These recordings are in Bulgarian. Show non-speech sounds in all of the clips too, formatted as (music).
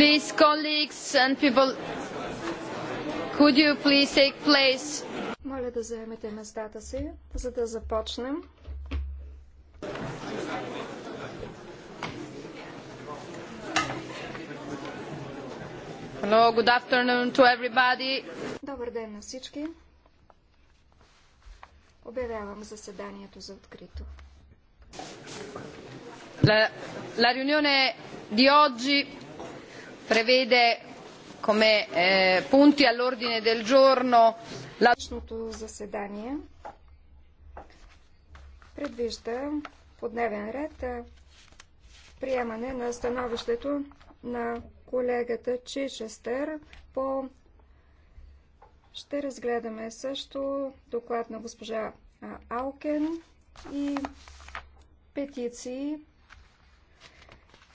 Please, colleagues and people, could you please take place? Моля да заемете местата си, за да започнем. Hello, good afternoon to everybody. Добър ден на всички. Обявявам заседанието за открито. La, la riunione di oggi prevede come eh, punti all'ordine del giorno la... заседание предвижда по дневен ред приемане на становището на колегата Чичестър по... Ще разгледаме също доклад на госпожа Алкен и петиции,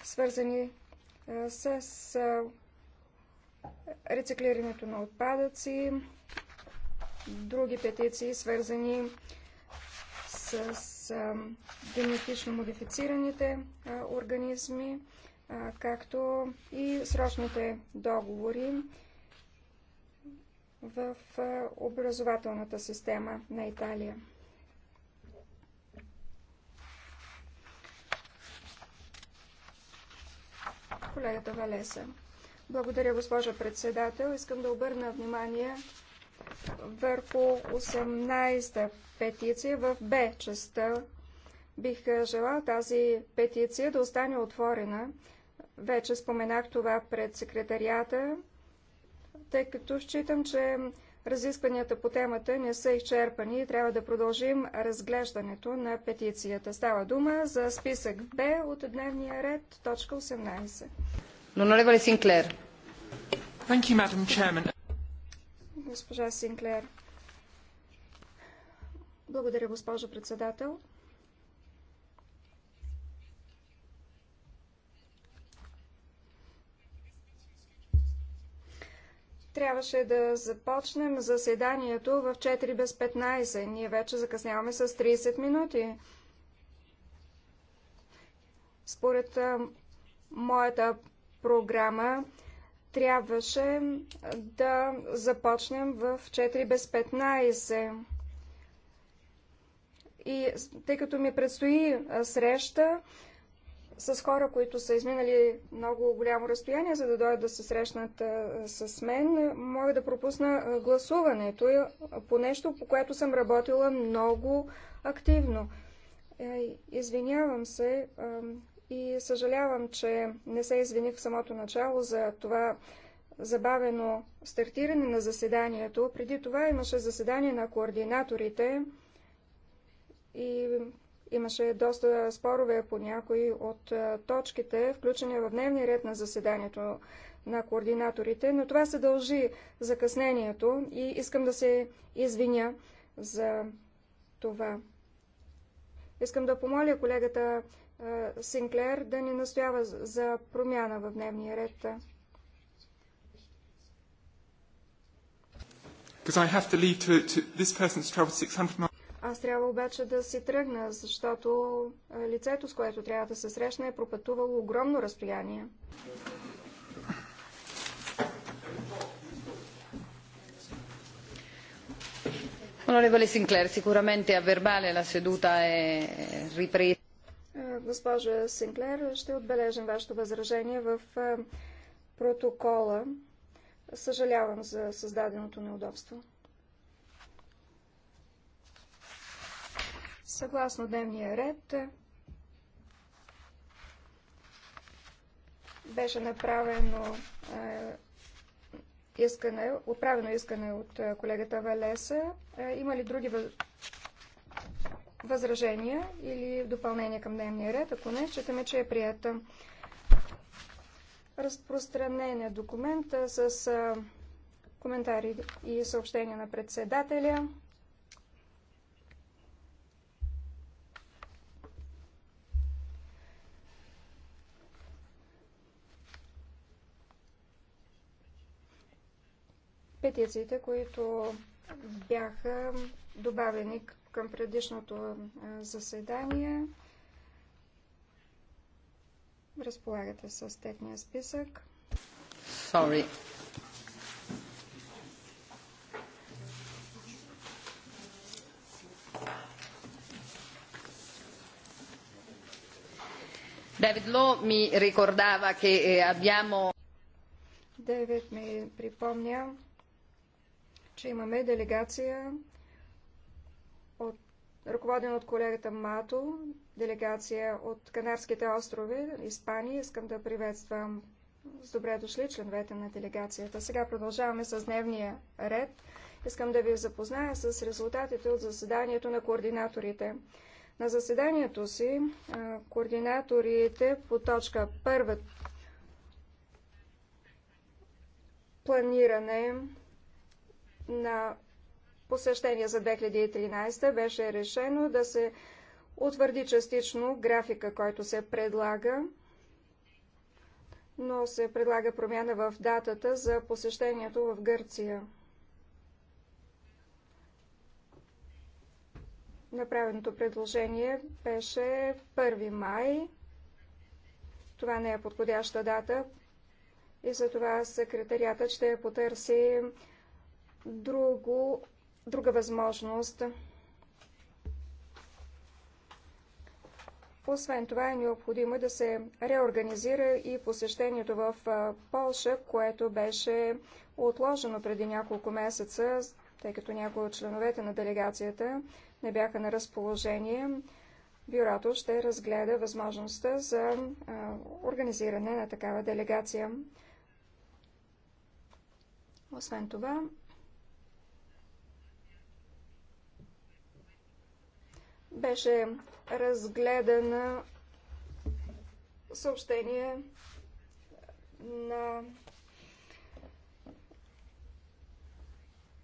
свързани с рециклирането на отпадъци, други петиции, свързани с генетично модифицираните организми, както и срочните договори в образователната система на Италия. Колегата Валеса. Благодаря, госпожа председател. Искам да обърна внимание върху 18-та петиция в Б частта. Бих желал тази петиция да остане отворена. Вече споменах това пред секретарията, тъй като считам, че Разискванията по темата не са изчерпани и трябва да продължим разглеждането на петицията. Става дума за списък Б от дневния ред, точка 18. Нонолевале Синклер. Госпожа Синклер. Благодаря, госпожо председател. Трябваше да започнем заседанието в 4 без 15. Ние вече закъсняваме с 30 минути. Според моята програма трябваше да започнем в 4 без 15. И тъй като ми предстои среща, с хора, които са изминали много голямо разстояние, за да дойдат да се срещнат с мен, мога да пропусна гласуването по нещо, по което съм работила много активно. Е, извинявам се и съжалявам, че не се извиних в самото начало за това забавено стартиране на заседанието. Преди това имаше заседание на координаторите и Имаше доста спорове по някои от точките, включени в дневния ред на заседанието на координаторите, но това се дължи закъснението и искам да се извиня за това. Искам да помоля колегата Синклер да ни настоява за промяна в дневния ред. Because I have to leave to, to this person's travel 600 miles. Аз трябва обаче да си тръгна, защото лицето, с което трябва да се срещна, е пропътувало огромно разстояние. Onorevole Sinclair, sicuramente a verbale la seduta è ripresa. Госпожа Синклер, ще отбележим вашето възражение в протокола. Съжалявам за създаденото неудобство. Съгласно дневния ред беше направено искане, отправено искане от колегата Валеса. Има ли други възражения или допълнения към дневния ред? Ако не, считаме, че е прията. Разпространен е документа документ с коментари и съобщения на председателя. петициите, които бяха добавени към предишното заседание. Разполагате с техния списък. Sorry. David Law mi ricordava che eh, abbiamo David mi припомня, ще имаме делегация от, ръководен от колегата Мато, делегация от Канарските острови, Испания. Искам да приветствам с добре дошли членовете на делегацията. Сега продължаваме с дневния ред. Искам да ви запозная с резултатите от заседанието на координаторите. На заседанието си координаторите по точка първа планиране на посещение за 2013 беше решено да се утвърди частично графика, който се предлага, но се предлага промяна в датата за посещението в Гърция. Направеното предложение беше 1 май. Това не е подходяща дата и затова секретарията ще потърси друго, друга възможност. Освен това е необходимо да се реорганизира и посещението в Полша, което беше отложено преди няколко месеца, тъй като някои от членовете на делегацията не бяха на разположение. Бюрото ще разгледа възможността за организиране на такава делегация. Освен това, беше разгледана съобщение на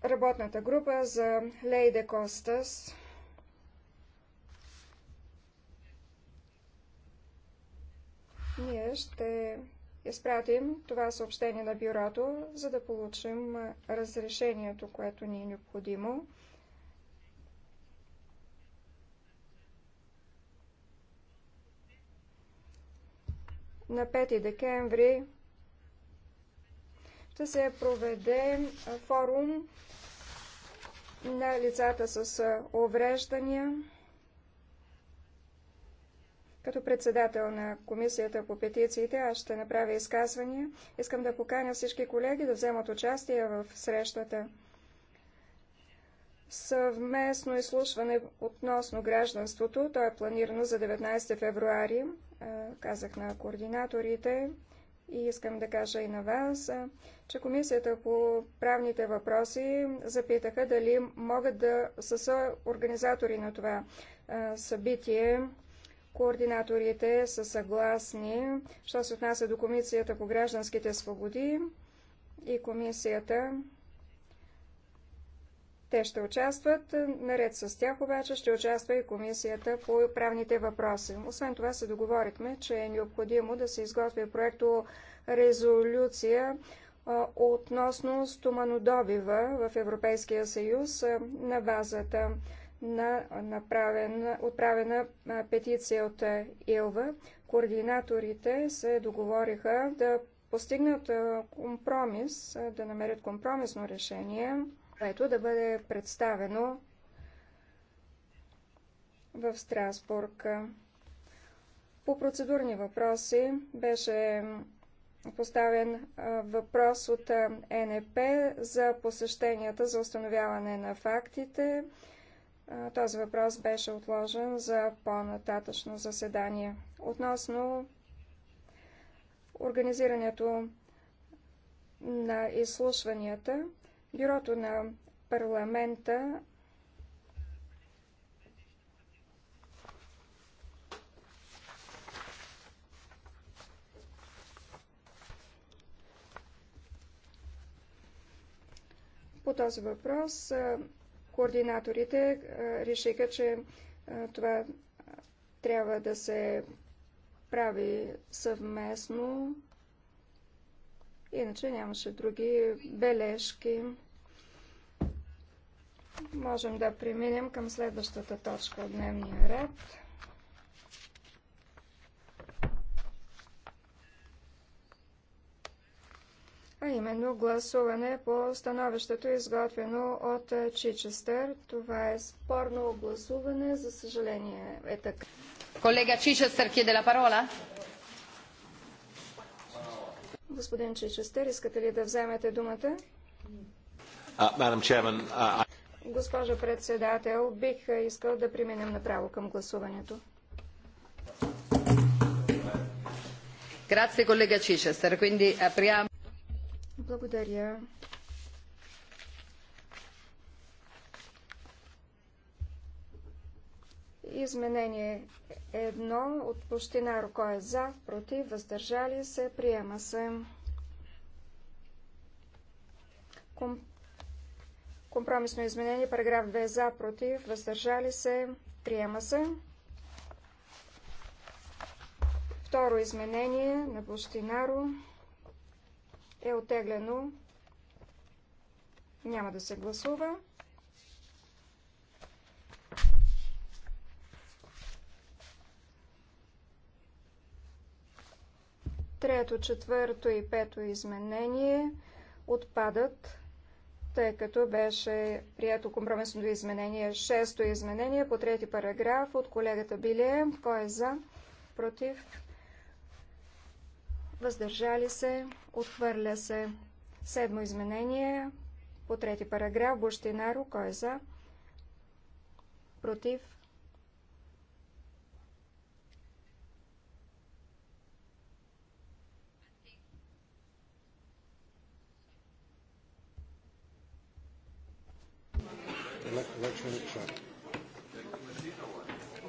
работната група за Лейде Костас. Ние ще изпратим това съобщение на бюрото, за да получим разрешението, което ни е необходимо. на 5 декември ще се проведе форум на лицата с увреждания. Като председател на Комисията по петициите, аз ще направя изказвания. Искам да поканя всички колеги да вземат участие в срещата. Съвместно изслушване относно гражданството, то е планирано за 19 февруари казах на координаторите и искам да кажа и на вас, че Комисията по правните въпроси запитаха дали могат да са организатори на това събитие. Координаторите са съгласни, що се отнася до Комисията по гражданските свободи и Комисията те ще участват, е, наред с тях обаче ще участва и Комисията по правните въпроси. Освен това се договорихме, че е необходимо да се изготви проекто резолюция е, относно стоманодобива в Европейския съюз е, на базата на отправена петиция от Илва. Координаторите се договориха да постигнат компромис, да намерят компромисно решение което да бъде представено в Страсбург. По процедурни въпроси беше поставен въпрос от НП за посещенията за установяване на фактите. Този въпрос беше отложен за по-нататъчно заседание. Относно организирането на изслушванията, Бюрото на парламента По този въпрос координаторите решиха, че това трябва да се прави съвместно Иначе нямаше други бележки. Можем да преминем към следващата точка от дневния ред. а именно гласуване по становището, изготвено от Чичестър. Това е спорно гласуване, за съжаление е така. Колега Чичестър, киде ла парола? Господин Чичестер, искате ли да вземете думата? Госпожо председател, бих искал да преминем направо към гласуването. Благодаря, Изменение едно от пущина Роко е за, против, въздържали се, приема се. Ком... Компромисно изменение, параграф 2 е за, против, въздържали се, приема се. Второ изменение на Бощинаро е отеглено. Няма да се гласува. Трето, четвърто и пето изменение отпадат, тъй като беше прието компромисното изменение. Шесто изменение по трети параграф от колегата Билия. Кой е за? Против? Въздържали се? Отхвърля се. Седмо изменение по трети параграф. Бущинаро. Кой е за? Против?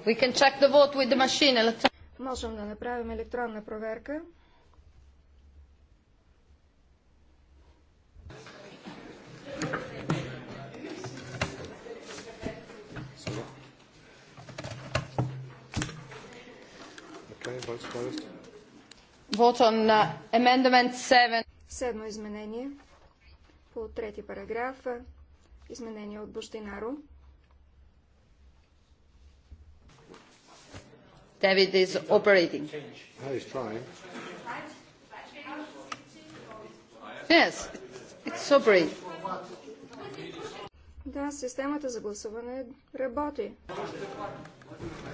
We can check the vote with the machine. Можем да направим електронна проверка. Vote on uh, amendment 7. Седмо изменение по трети параграф изменение от Бущинаро. David is operating. He's trying. Yes, it's operating. Да, системата за гласуване работи.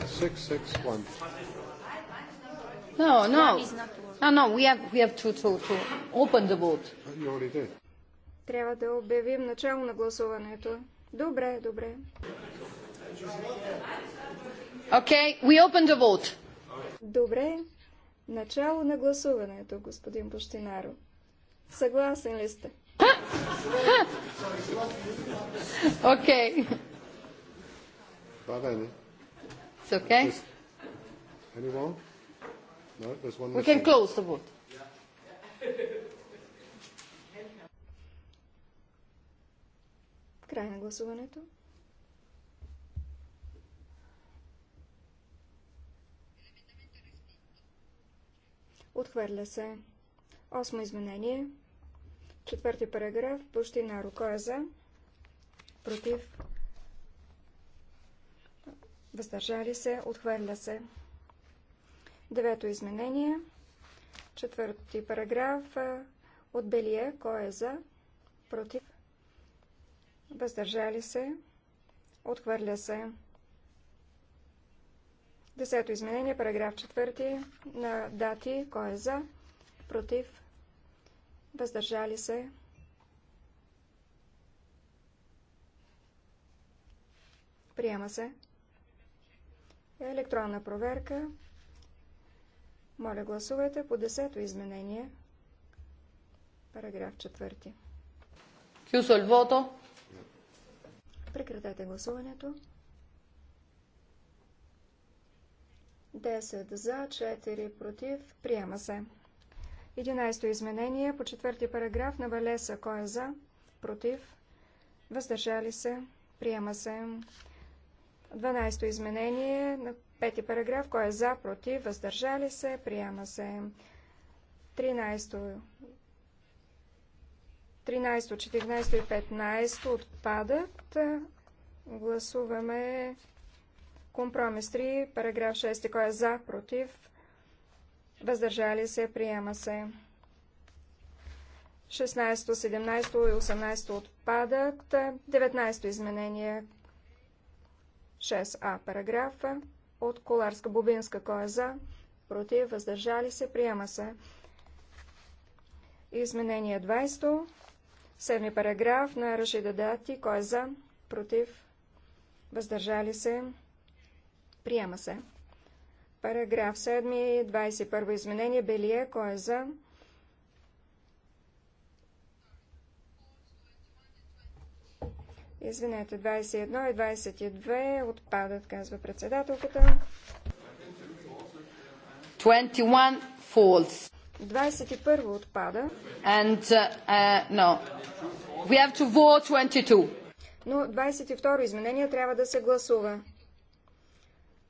661. No, no. No, no, we have, we have to, to, to open the vote. You already did. Трябва да обявим начало на гласуването. Добре, добре. Okay, we open the vote. Добре. Начало на гласуването, господин Пощинаро. Съгласен ли сте? Окей. (laughs) Okay. It's okay. Anyone? No, there's one. We can close the vote. Yeah. Край на гласуването. Отхвърля се. Осмо изменение. Четвърти параграф. Почти на руко е за. Против. Въздържали се. Отхвърля се. Девето изменение. Четвърти параграф. От белия. Кой е за? Против въздържали се, отхвърля се. Десето изменение, параграф 4 на дати, кой е за, против, въздържали се. Приема се. Електронна проверка. Моля гласувайте по десето изменение. Параграф 4. Кюсо вото. Прекратете гласуването. 10 за, 4 против. Приема се. 11 то изменение по четвърти параграф на Валеса. Кой е за? Против. Въздържали се. Приема се. 12 изменение на пети параграф. Кой е за? Против. Въздържали се. Приема се. 13 13, 14 и 15 отпадат. Гласуваме компромис 3, параграф 6, кой е за, против, въздържали се, приема се. 16, 17 и 18 отпадат. 19 изменение 6а параграфа от Коларска-Бубинска, кой е за, против, въздържали се, приема се. Изменение 20 Седми параграф на Рашида Дати. Кой е за? Против? Въздържали се? Приема се. Параграф 7, 21 изменение. Белие. Кой е за? Извинете, 21 и 22 отпадат, казва председателката. 21 false. 21 отпада. And, uh, uh, no. We have to vote 22. Но 22 изменение трябва да се гласува.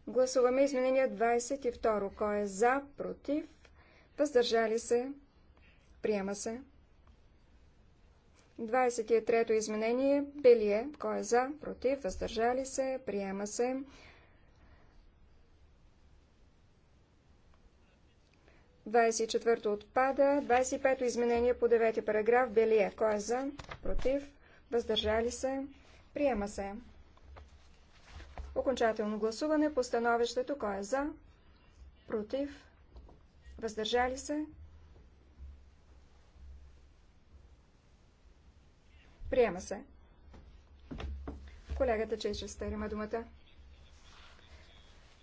Гласуваме изменение 22. Кой е за, против, въздържали се, приема се. 23-то изменение, Белие, кой е за, против, въздържали се, приема се. 24 отпада. 25 то изменение по 9 параграф. Белие. Кой е за? Против. Въздържали се. Приема се. Окончателно гласуване по становището. Кой е за? Против. Въздържали се. Приема се. Колегата Чечестър старима думата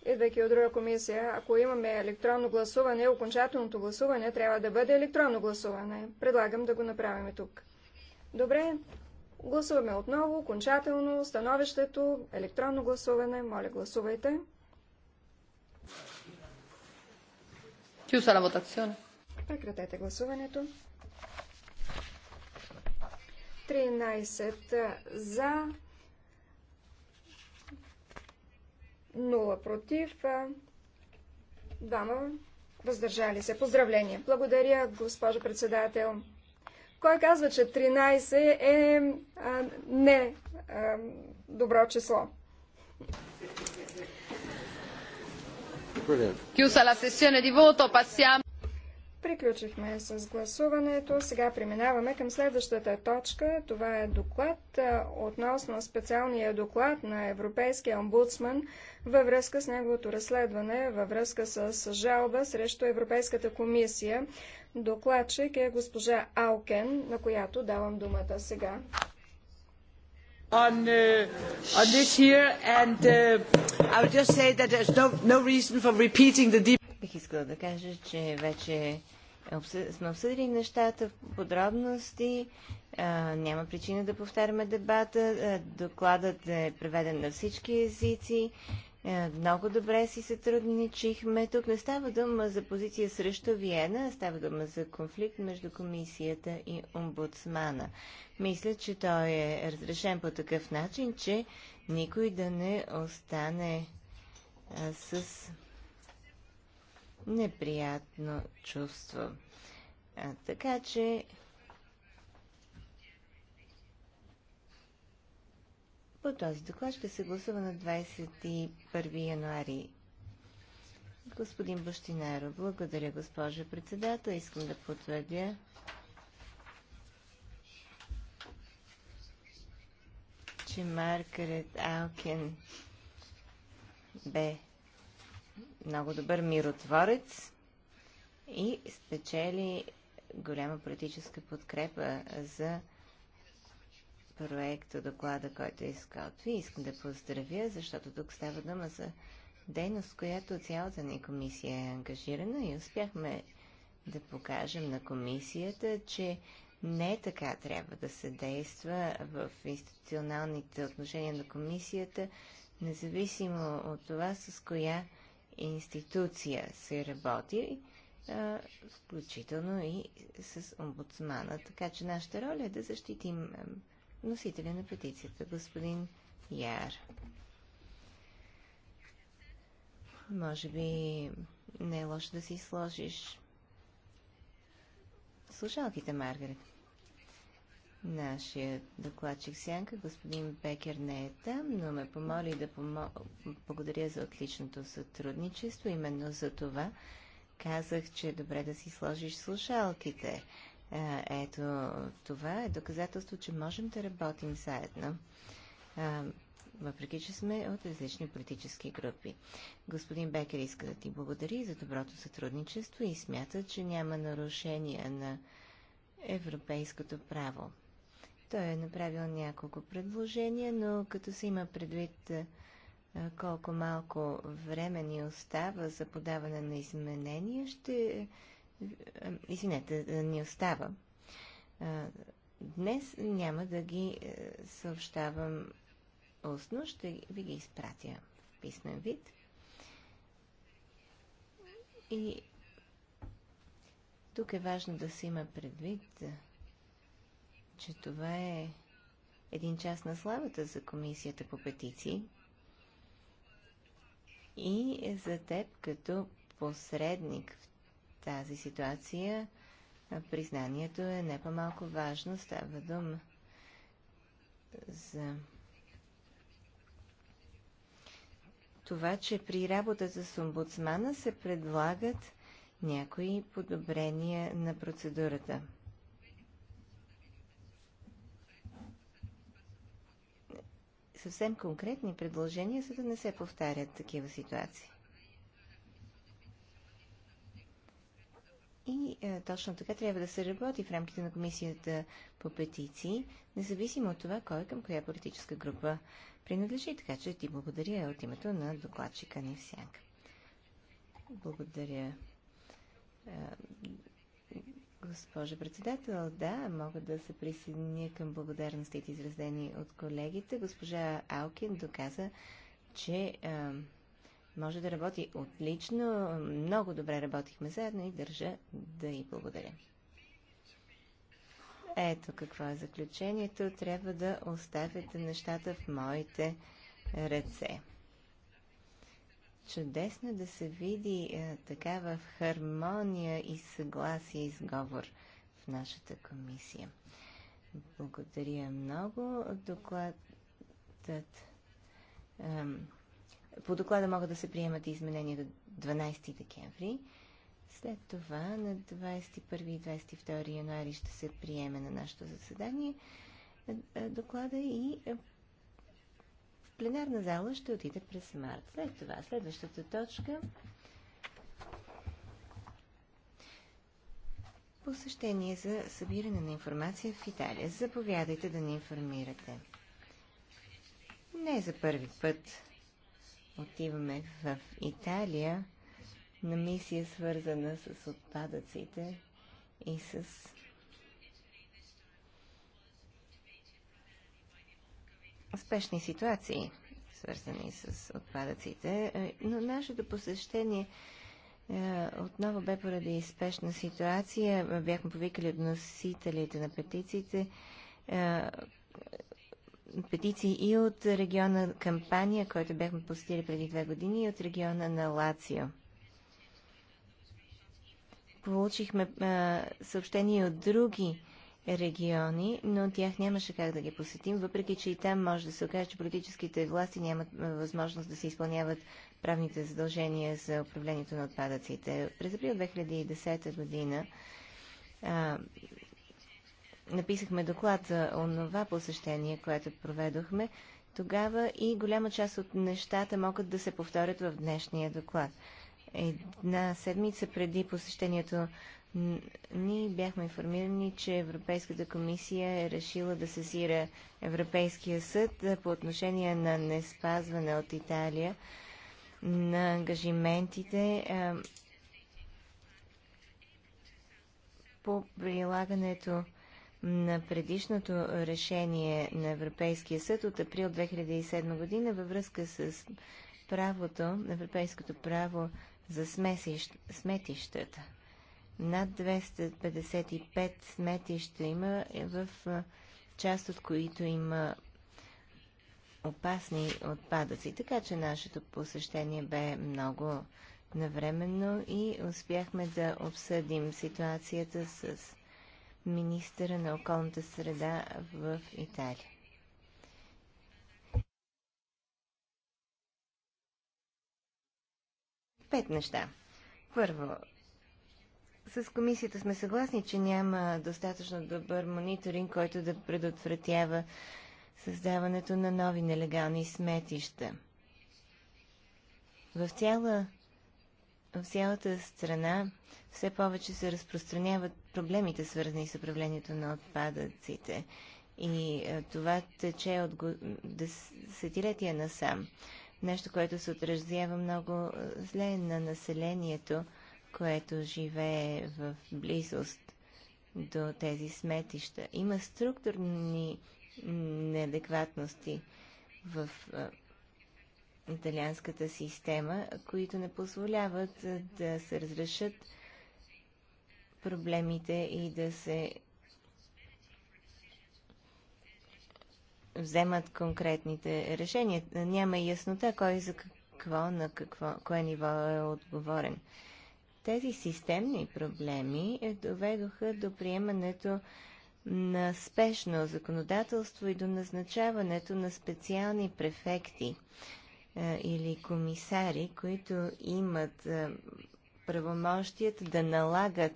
идвайки от друга комисия, ако имаме електронно гласуване, окончателното гласуване трябва да бъде електронно гласуване. Предлагам да го направим тук. Добре, гласуваме отново, окончателно, становището, електронно гласуване. Моля, гласувайте. Прекратете гласуването. 13 за, 0 против, 2 въздържали се. Поздравление! Благодаря, госпожо председател. Кой казва, че 13 е а, не а, добро число? Chiusa la sessione di voto, passiamo. Приключихме с гласуването. Сега преминаваме към следващата точка. Това е доклад относно специалния доклад на Европейския омбудсман във връзка с неговото разследване, във връзка с жалба срещу Европейската комисия. Докладчик е госпожа Алкен, на която давам думата сега. On, uh, on this here, and uh, I would just say that there's no, no reason for repeating the deep. Бих искала да кажа, че вече сме обсъдили нещата в подробности. А, няма причина да повтаряме дебата. докладът е преведен на всички езици. много добре си сътрудничихме. Тук не става дума за позиция срещу Виена, а става дума за конфликт между комисията и омбудсмана. Мисля, че той е разрешен по такъв начин, че никой да не остане а, с неприятно чувство. А, така че по този доклад ще се гласува на 21 януари. Господин Бащинаро, благодаря, госпожа председател. Искам да потвърдя, че Маргарет Алкен бе много добър миротворец и спечели голяма политическа подкрепа за проекта, доклада, който е изготви. Искам да поздравя, защото тук става дума за дейност, която цялата ни комисия е ангажирана и успяхме да покажем на комисията, че не така трябва да се действа в институционалните отношения на комисията, независимо от това с коя институция се работи, включително и с омбудсмана. Така че нашата роля е да защитим носителя на петицията, господин Яр. Може би не е лошо да си сложиш слушалките, Маргарет. Нашия докладчик Сянка, господин Бекер не е там, но ме помоли да помо... благодаря за отличното сътрудничество. Именно за това казах, че е добре да си сложиш слушалките. Ето, това е доказателство, че можем да работим заедно, въпреки че сме от различни политически групи. Господин Бекер иска да ти благодари за доброто сътрудничество и смята, че няма нарушения на европейското право. Той е направил няколко предложения, но като се има предвид колко малко време ни остава за подаване на изменения, ще... Извинете, ни остава. Днес няма да ги съобщавам устно, ще ви ги изпратя в писмен вид. И тук е важно да се има предвид, че това е един час на славата за комисията по петиции и за теб като посредник в тази ситуация признанието е не по-малко важно. Става дума за това, че при работата с омбудсмана се предлагат някои подобрения на процедурата. съвсем конкретни предложения, за да не се повтарят такива ситуации. И е, точно така трябва да се работи в рамките на комисията по петиции, независимо от това кой към коя политическа група принадлежи. Така че ти благодаря от името на докладчика ни Благодаря. Е, Госпожа председател, да, мога да се присъединя към благодарностите, изразени от колегите. Госпожа Алкин доказа, че а, може да работи отлично. Много добре работихме заедно и държа да й благодаря. Ето какво е заключението. Трябва да оставяте нещата в моите ръце чудесно да се види а, е, такава хармония и съгласие изговор в нашата комисия. Благодаря много. Докладът. А, по доклада могат да се приемат изменения до 12 декември. След това на 21 и 22 януари ще се приеме на нашето заседание е, е, доклада и пленарна зала ще отиде през март. След това, следващата точка посещение за събиране на информация в Италия. Заповядайте да ни информирате. Не за първи път отиваме в Италия на мисия, свързана с отпадъците и с спешни ситуации, свързани с отпадъците, е, но нашето посещение е, отново бе поради спешна ситуация. Бяхме повикали относителите на петициите, е, петиции и от региона Кампания, който бяхме посетили преди две години, и от региона на Лацио. Получихме съобщения от други региони, но тях нямаше как да ги посетим, въпреки че и там може да се окаже, че политическите власти нямат възможност да се изпълняват правните задължения за управлението на отпадъците. През април 2010 година а, написахме доклад за онова посещение, което проведохме. Тогава и голяма част от нещата могат да се повторят в днешния доклад. Една седмица преди посещението ние бяхме информирани, че Европейската комисия е решила да сезира Европейския съд по отношение на неспазване от Италия на ангажиментите по прилагането на предишното решение на Европейския съд от април 2007 година във връзка с правото, европейското право за сметищата. Над 255 сметища има, е, в част от които има опасни отпадъци. Така че нашето посещение бе много навременно и успяхме да обсъдим ситуацията с министъра на околната среда в Италия. Пет неща. Първо, с комисията сме съгласни, че няма достатъчно добър мониторинг, който да предотвратява създаването на нови нелегални сметища. В, цяла, в цялата страна все повече се разпространяват проблемите, свързани с управлението на отпадъците. И е, това тече от десетилетия насам. Нещо, което се отразява много е, зле на населението което живее в близост до тези сметища. Има структурни неадекватности в италианската система, които не позволяват да се разрешат проблемите и да се вземат конкретните решения. Няма яснота кой за какво, на какво, кое ниво е отговорен. Тези системни проблеми е, доведоха до приемането на спешно законодателство и до назначаването на специални префекти е, или комисари, които имат а, е, правомощията да налагат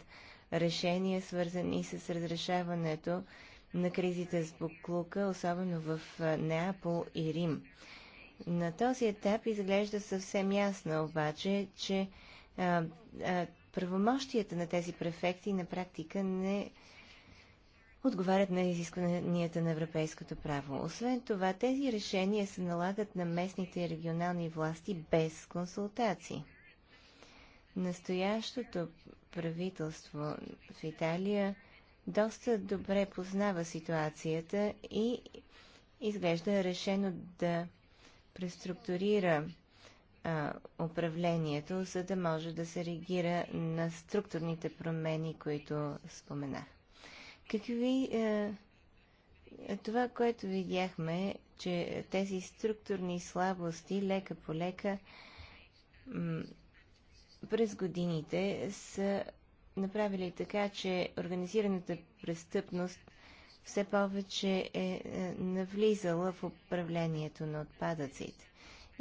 решения, свързани с разрешаването на кризите с буклука, особено в Неапол и Рим. На този етап изглежда съвсем ясно обаче, че правомощията на тези префекти на практика не отговарят на изискванията на европейското право. Освен това, тези решения се налагат на местните и регионални власти без консултации. Настоящото правителство в Италия доста добре познава ситуацията и изглежда решено да преструктурира а, управлението, за да може да се реагира на структурните промени, които споменах. Какви. А, това, което видяхме, че тези структурни слабости лека по лека през годините са направили така, че организираната престъпност все повече е, е навлизала в управлението на отпадъците.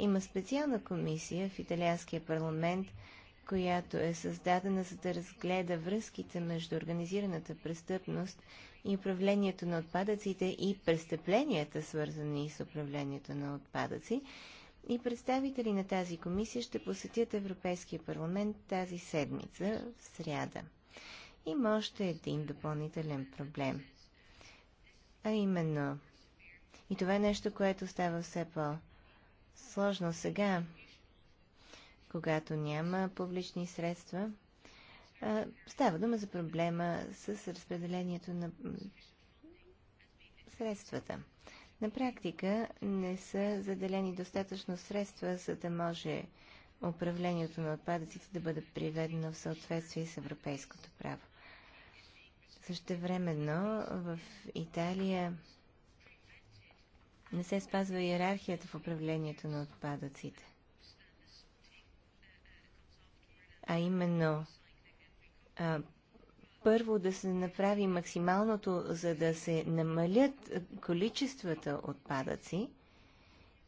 Има специална комисия в италианския парламент, която е създадена за да разгледа връзките между организираната престъпност и управлението на отпадъците и престъпленията, свързани с управлението на отпадъци. И представители на тази комисия ще посетят Европейския парламент тази седмица, в сряда. Има още един допълнителен проблем. А именно, и това е нещо, което става все по- сложно сега, когато няма публични средства. Става дума за проблема с разпределението на средствата. На практика не са заделени достатъчно средства, за да може управлението на отпадъците да бъде приведено в съответствие с европейското право. Същевременно в Италия не се спазва иерархията в управлението на отпадъците. А именно, а, първо да се направи максималното, за да се намалят количествата отпадъци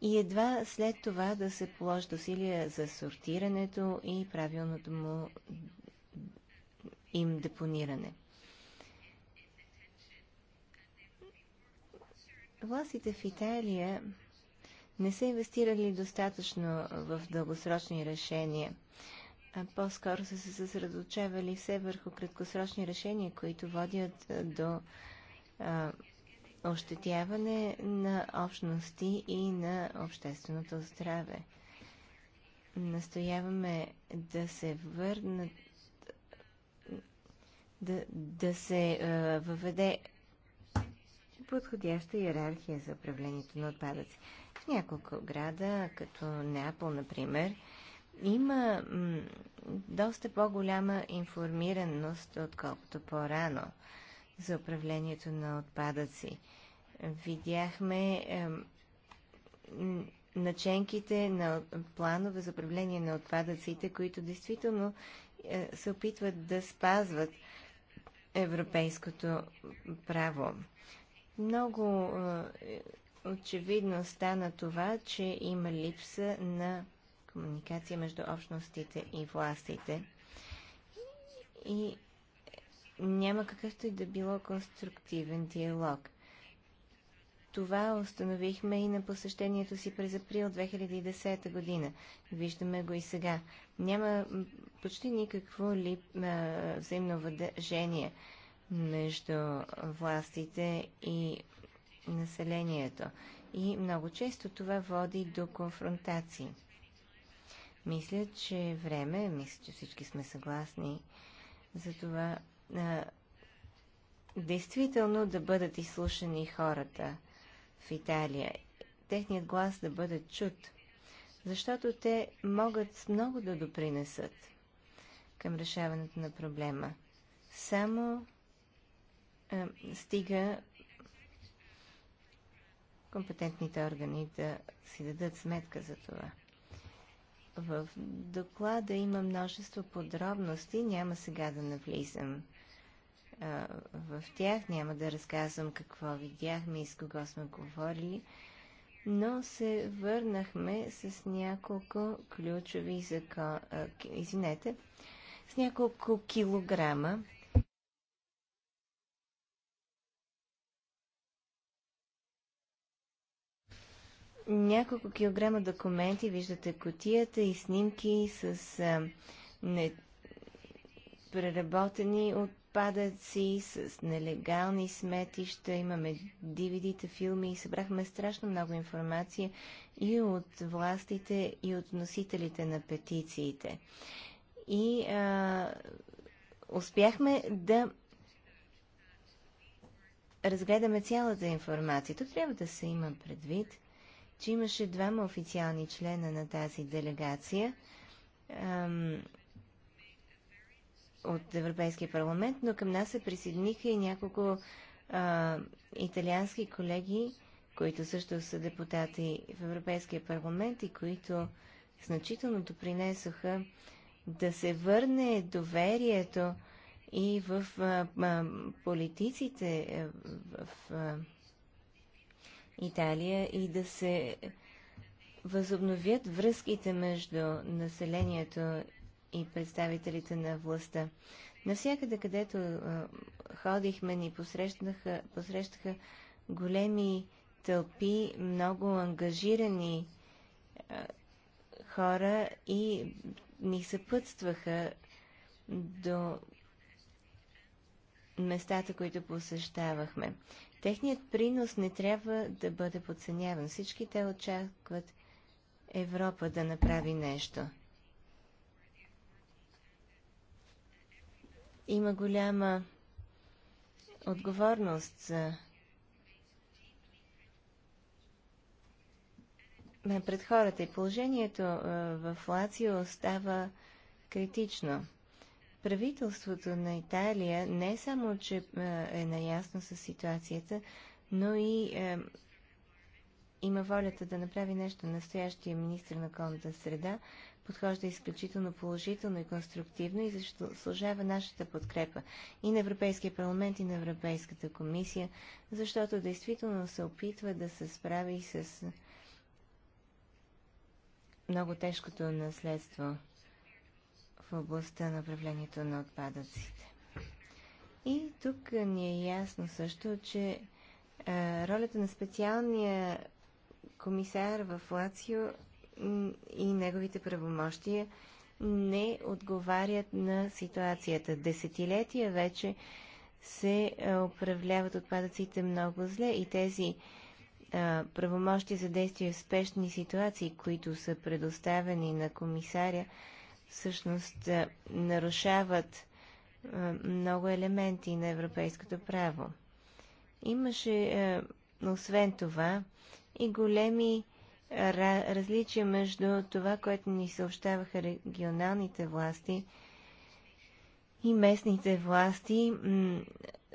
и едва след това да се положат усилия за сортирането и правилното му им депониране. властите в Италия не са инвестирали достатъчно в дългосрочни решения, а по-скоро са се съсредоточавали все върху краткосрочни решения, които водят до а, ощетяване на общности и на общественото здраве. Настояваме да се върнат да, да се а, въведе подходяща иерархия за управлението на отпадъци. В няколко града, като Неапол, например, има доста по-голяма информираност, отколкото по-рано за управлението на отпадъци. Видяхме е, наченките на планове за управление на отпадъците, които действително е, се опитват да спазват европейското право. Много е, очевидно стана това, че има липса на комуникация между общностите и властите. И няма какъвто и да било конструктивен диалог. Това установихме и на посещението си през април 2010 година. Виждаме го и сега. Няма почти никакво ли, а, взаимно въдържение между властите и населението. И много често това води до конфронтации. Мисля, че е време, мисля, че всички сме съгласни за това, а, действително да бъдат изслушани хората в Италия. Техният глас да бъде чут, защото те могат много да допринесат към решаването на проблема. Само стига компетентните органи да си дадат сметка за това. В доклада има множество подробности, няма сега да навлизам а, в тях, няма да разказвам какво видяхме и с кого сме говорили, но се върнахме с няколко ключови закон... А, извинете, с няколко килограма няколко килограма документи, виждате котията и снимки с а, не, преработени отпадъци, с нелегални сметища, имаме dvd филми и събрахме страшно много информация и от властите, и от носителите на петициите. И а, успяхме да разгледаме цялата информация. Тук трябва да се има предвид, че имаше двама официални члена на тази делегация ам, от Европейския парламент, но към нас се присъединиха и няколко а, италиански колеги, които също са депутати в Европейския парламент и които значително допринесоха да се върне доверието и в а, а, политиците в. А, Италия и да се възобновят връзките между населението и представителите на властта. Навсякъде, където е, ходихме, ни посрещнаха, посрещаха големи тълпи, много ангажирани е, хора и ни съпътстваха до местата, които посещавахме. Техният принос не трябва да бъде подценяван. Всички те очакват Европа да направи нещо. Има голяма отговорност за пред хората и положението в Лацио става критично правителството на Италия не само, че е наясно с ситуацията, но и е, има волята да направи нещо. Настоящия министр на околната среда подхожда изключително положително и конструктивно и заслужава нашата подкрепа и на Европейския парламент, и на Европейската комисия, защото действително се опитва да се справи с много тежкото наследство в областта на управлението на отпадъците. И тук ни е ясно също, че а, ролята на специалния комисар в Лацио и неговите правомощия не отговарят на ситуацията. Десетилетия вече се управляват отпадъците много зле и тези а, правомощи за действие в спешни ситуации, които са предоставени на комисаря, всъщност нарушават много елементи на европейското право. Имаше, освен това, и големи различия между това, което ни съобщаваха регионалните власти и местните власти.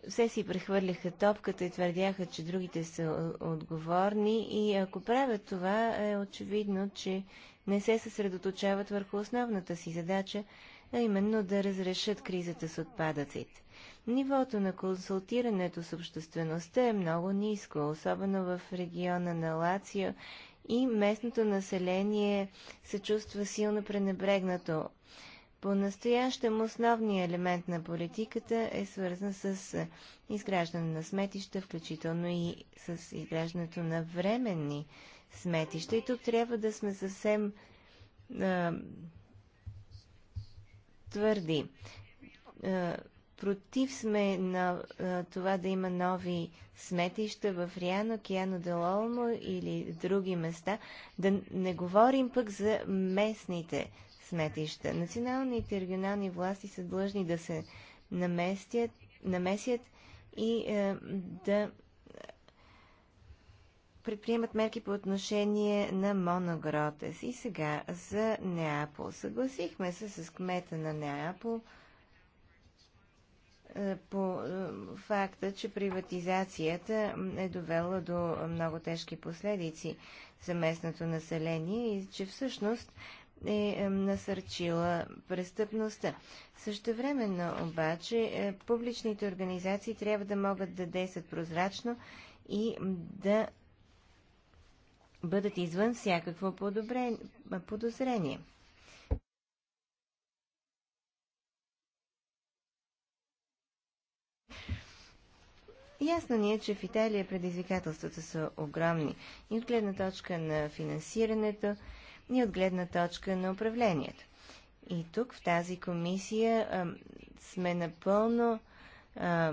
Все си прехвърляха топката и твърдяха, че другите са отговорни и ако правят това, е очевидно, че не се съсредоточават върху основната си задача, а именно да разрешат кризата с отпадъците. Нивото на консултирането с обществеността е много ниско, особено в региона на Лацио и местното население се чувства силно пренебрегнато. По-настоящем основният елемент на политиката е свързан с изграждане на сметища, включително и с изграждането на временни сметища. И тук трябва да сме съвсем а, твърди. А, против сме на а, това да има нови сметища в Риано, Киано Делолмо или други места. Да не говорим пък за местните сметища. Националните и регионални власти са длъжни да се наместят, намесят и е, да предприемат мерки по отношение на Моногрота си сега за Неапол. Съгласихме се с кмета на Неапол е, по е, факта, че приватизацията е довела до много тежки последици за местното население и че всъщност е, е насърчила престъпността. времено обаче публичните организации трябва да могат да действат прозрачно и да бъдат извън всякакво подозрение. Ясно ни е, че в Италия предизвикателствата са огромни и от гледна точка на финансирането, и от гледна точка на управлението. И тук в тази комисия а, сме напълно а,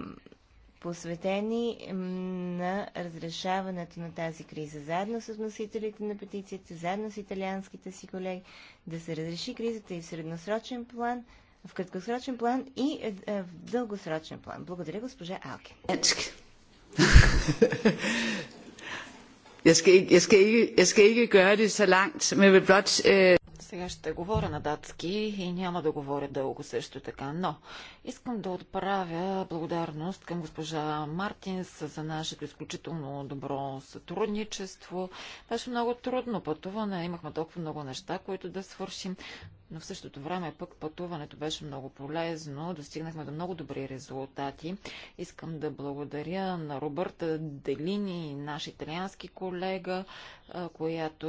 посветени на разрешаването на тази криза. Заедно с носителите на петицията, заедно с италианските си колеги, да се разреши кризата и в средносрочен план, в краткосрочен план и е, е, в дългосрочен план. Благодаря, госпожа Алки. (laughs) Jeg skal, ikke, jeg, skal ikke, jeg skal ikke gøre det så langt, men vil blot... Øh... Сега ще говоря на датски и няма да говоря дълго също така, но искам да отправя благодарност към госпожа Мартинс за нашето изключително добро сътрудничество. Беше много трудно пътуване, имахме толкова много неща, които да свършим, но в същото време пък пътуването беше много полезно, достигнахме до много добри резултати. Искам да благодаря на Робърта Делини, наш италиански колега, която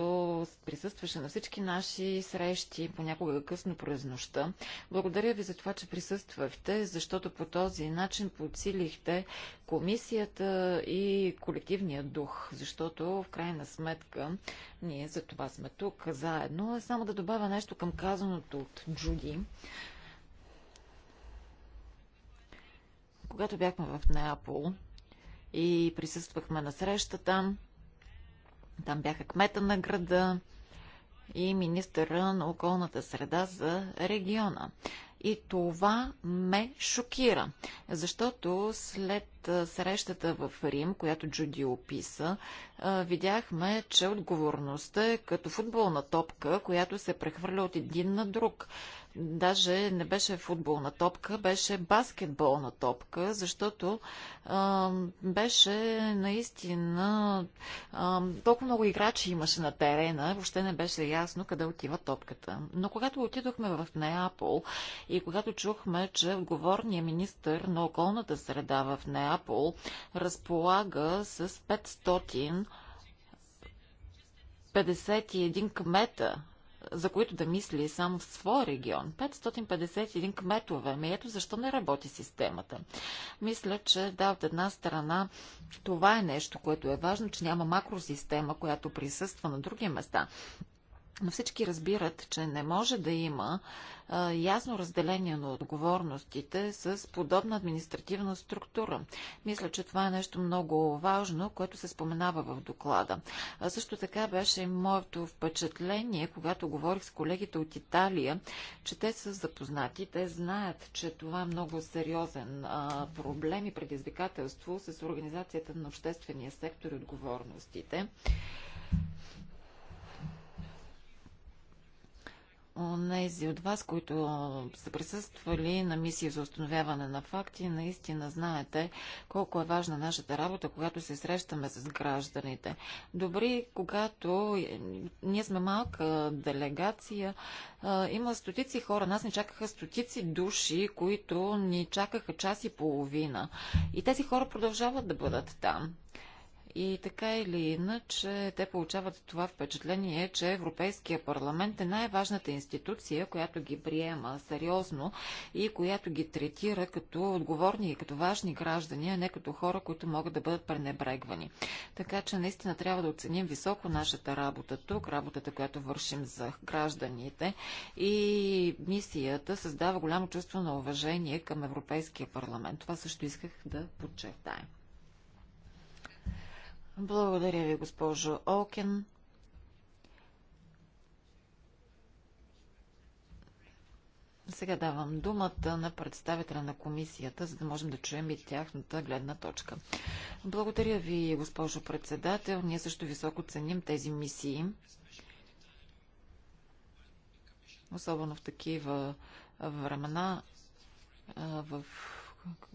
присъстваше на всички наши срещи, понякога късно през нощта. Благодаря ви за това, че присъствахте, защото по този начин подсилихте комисията и колективния дух, защото в крайна сметка ние за това сме тук заедно. Само да добавя нещо към казаното от Джуди. Когато бяхме в Неапол и присъствахме на срещата, там бяха кмета на града и министъра на околната среда за региона. И това ме шокира, защото след срещата в Рим, която Джуди описа, видяхме, че отговорността е като футболна топка, която се прехвърля от един на друг даже не беше футболна топка, беше баскетболна топка, защото а, беше наистина а, толкова много играчи имаше на терена, въобще не беше ясно къде отива топката. Но когато отидохме в Неапол и когато чухме, че отговорният министр на околната среда в Неапол разполага с 500 51 кмета за които да мисли само в своя регион. 551 кметове. Ми ето защо не работи системата. Мисля, че да, от една страна това е нещо, което е важно, че няма макросистема, която присъства на други места. Но всички разбират, че не може да има а, ясно разделение на отговорностите с подобна административна структура. Мисля, че това е нещо много важно, което се споменава в доклада. А също така беше и моето впечатление, когато говорих с колегите от Италия, че те са запознати, те знаят, че това е много сериозен а, проблем и предизвикателство с организацията на обществения сектор и отговорностите. онези от вас, които са присъствали на мисия за установяване на факти, наистина знаете колко е важна нашата работа, когато се срещаме с гражданите. Добри, когато е, ние сме малка делегация, има стотици хора, нас ни чакаха стотици души, които ни чакаха час и половина. И тези хора продължават да бъдат там. И така или иначе, те получават това впечатление, че Европейския парламент е най-важната институция, която ги приема сериозно и която ги третира като отговорни и като важни граждани, а не като хора, които могат да бъдат пренебрегвани. Така че наистина трябва да оценим високо нашата работа тук, работата, която вършим за гражданите и мисията създава голямо чувство на уважение към Европейския парламент. Това също исках да подчертая. Благодаря ви, госпожо Окен. Сега давам думата на представителя на комисията, за да можем да чуем и тяхната гледна точка. Благодаря ви, госпожо председател. Ние също високо ценим тези мисии, особено в такива времена, в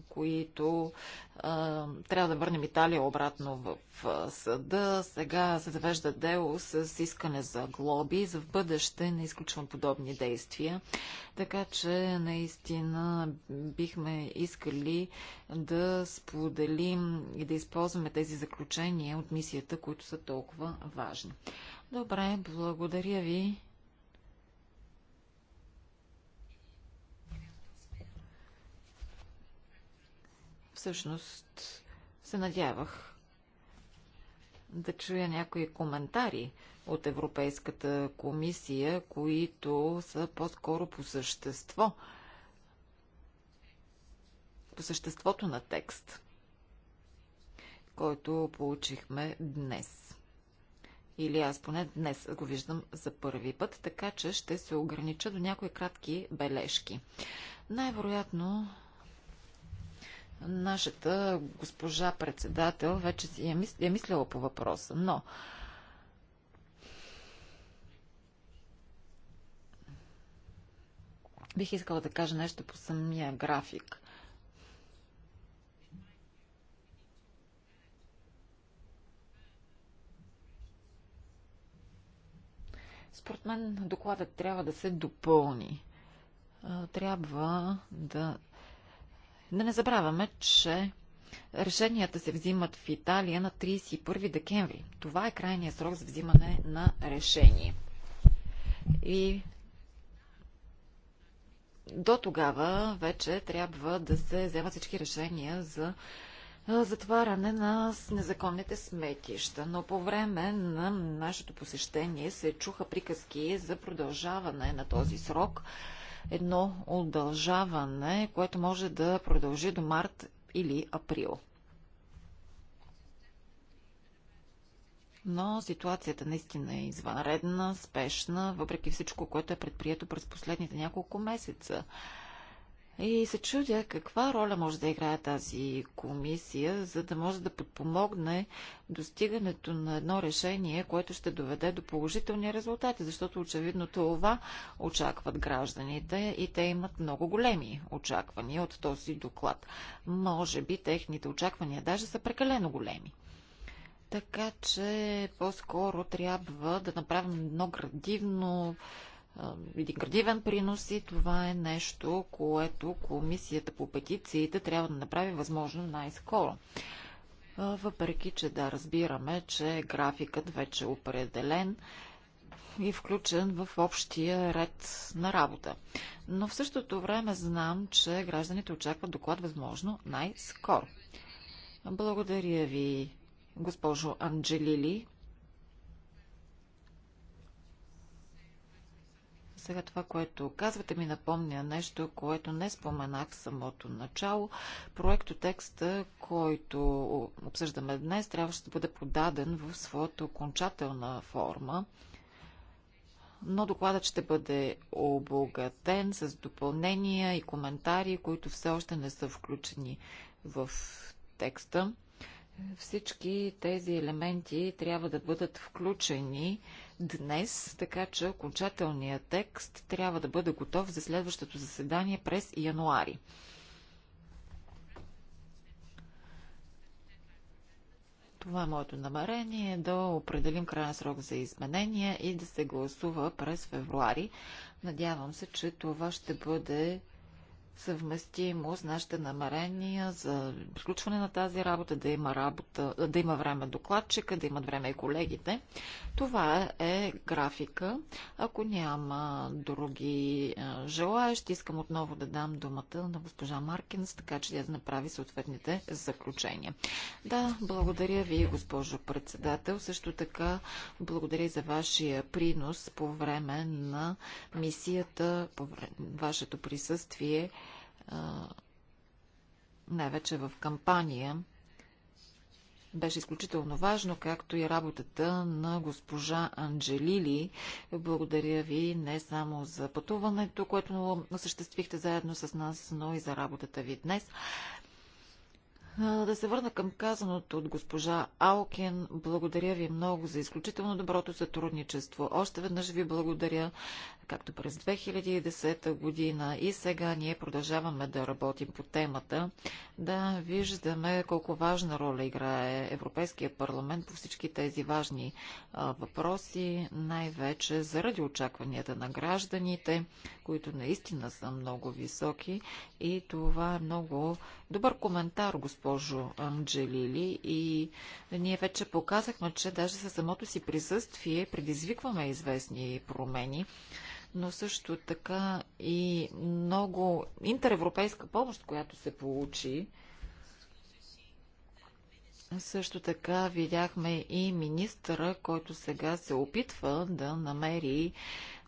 които а, трябва да върнем Италия обратно в, в съда. Сега се завежда дело с искане за глоби. За в бъдеще не изключвам подобни действия. Така че наистина бихме искали да споделим и да използваме тези заключения от мисията, които са толкова важни. Добре, благодаря ви. Всъщност се надявах да чуя някои коментари от Европейската комисия, които са по-скоро по същество. По съществото на текст, който получихме днес. Или аз поне днес го виждам за първи път, така че ще се огранича до някои кратки бележки. Най-вероятно Нашата госпожа председател вече си е, мис... е мислила по въпроса, но бих искала да кажа нещо по самия график. Според мен докладът трябва да се допълни. Трябва да да не забравяме, че решенията се взимат в Италия на 31 декември. Това е крайният срок за взимане на решение. И до тогава вече трябва да се вземат всички решения за затваряне на незаконните сметища. Но по време на нашето посещение се чуха приказки за продължаване на този срок – едно удължаване, което може да продължи до март или април. Но ситуацията наистина е извънредна, спешна, въпреки всичко, което е предприето през последните няколко месеца. И се чудя каква роля може да играе тази комисия, за да може да подпомогне достигането на едно решение, което ще доведе до положителни резултати, защото очевидно това очакват гражданите и те имат много големи очаквания от този доклад. Може би техните очаквания даже са прекалено големи. Така че по-скоро трябва да направим едно градивно един градивен принос и това е нещо, което комисията по петициите трябва да направи възможно най-скоро. Въпреки, че да разбираме, че графикът вече е определен и включен в общия ред на работа. Но в същото време знам, че гражданите очакват доклад възможно най-скоро. Благодаря ви, госпожо Анджелили. Сега това, което казвате, ми напомня нещо, което не споменах в самото начало. Проекто текста, който обсъждаме днес, трябваше да бъде подаден в своята окончателна форма но докладът ще бъде обогатен с допълнения и коментари, които все още не са включени в текста. Всички тези елементи трябва да бъдат включени днес, така че окончателният текст трябва да бъде готов за следващото заседание през януари. Това е моето намерение е да определим крайен срок за изменения и да се гласува през февруари. Надявам се, че това ще бъде съвместимо с нашите намерения за приключване на тази работа, да има, работа, да има време докладчика, да имат време и колегите. Това е графика. Ако няма други желаящи, искам отново да дам думата на госпожа Маркинс, така че тя да направи съответните заключения. Да, благодаря ви, госпожо председател. Също така благодаря и за вашия принос по време на мисията, по вашето присъствие най-вече в кампания, беше изключително важно, както и работата на госпожа Анджелили. Благодаря ви не само за пътуването, което осъществихте заедно с нас, но и за работата ви днес. Да се върна към казаното от госпожа Алкен. Благодаря ви много за изключително доброто сътрудничество. Още веднъж ви благодаря както през 2010 година и сега ние продължаваме да работим по темата, да виждаме колко важна роля играе Европейския парламент по всички тези важни въпроси, най-вече заради очакванията на гражданите, които наистина са много високи и това е много добър коментар, госпожо Анджелили и ние вече показахме, че даже със самото си присъствие предизвикваме известни промени промени но също така и много интеревропейска помощ, която се получи. Също така видяхме и министъра, който сега се опитва да намери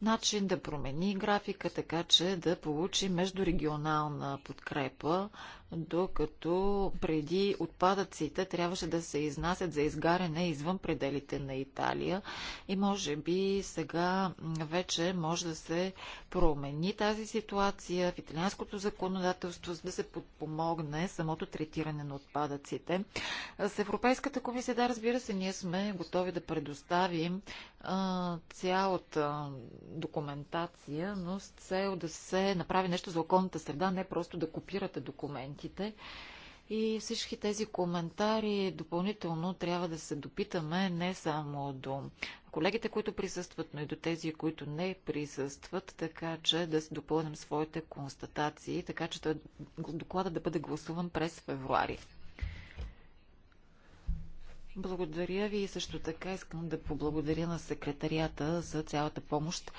начин да промени графика, така че да получи междурегионална подкрепа докато преди отпадъците трябваше да се изнасят за изгаряне извън пределите на Италия и може би сега вече може да се промени тази ситуация в италианското законодателство, за да се подпомогне самото третиране на отпадъците. С Европейската комисия, да, разбира се, ние сме готови да предоставим а, цялата документация, но с цел да се направи нещо за околната среда, не просто да копирате документи банките. И всички тези коментари допълнително трябва да се допитаме не само до колегите, които присъстват, но и до тези, които не присъстват, така че да се допълним своите констатации, така че доклада да бъде гласуван през февруари. Благодаря ви и също така искам да поблагодаря на секретарията за цялата помощ,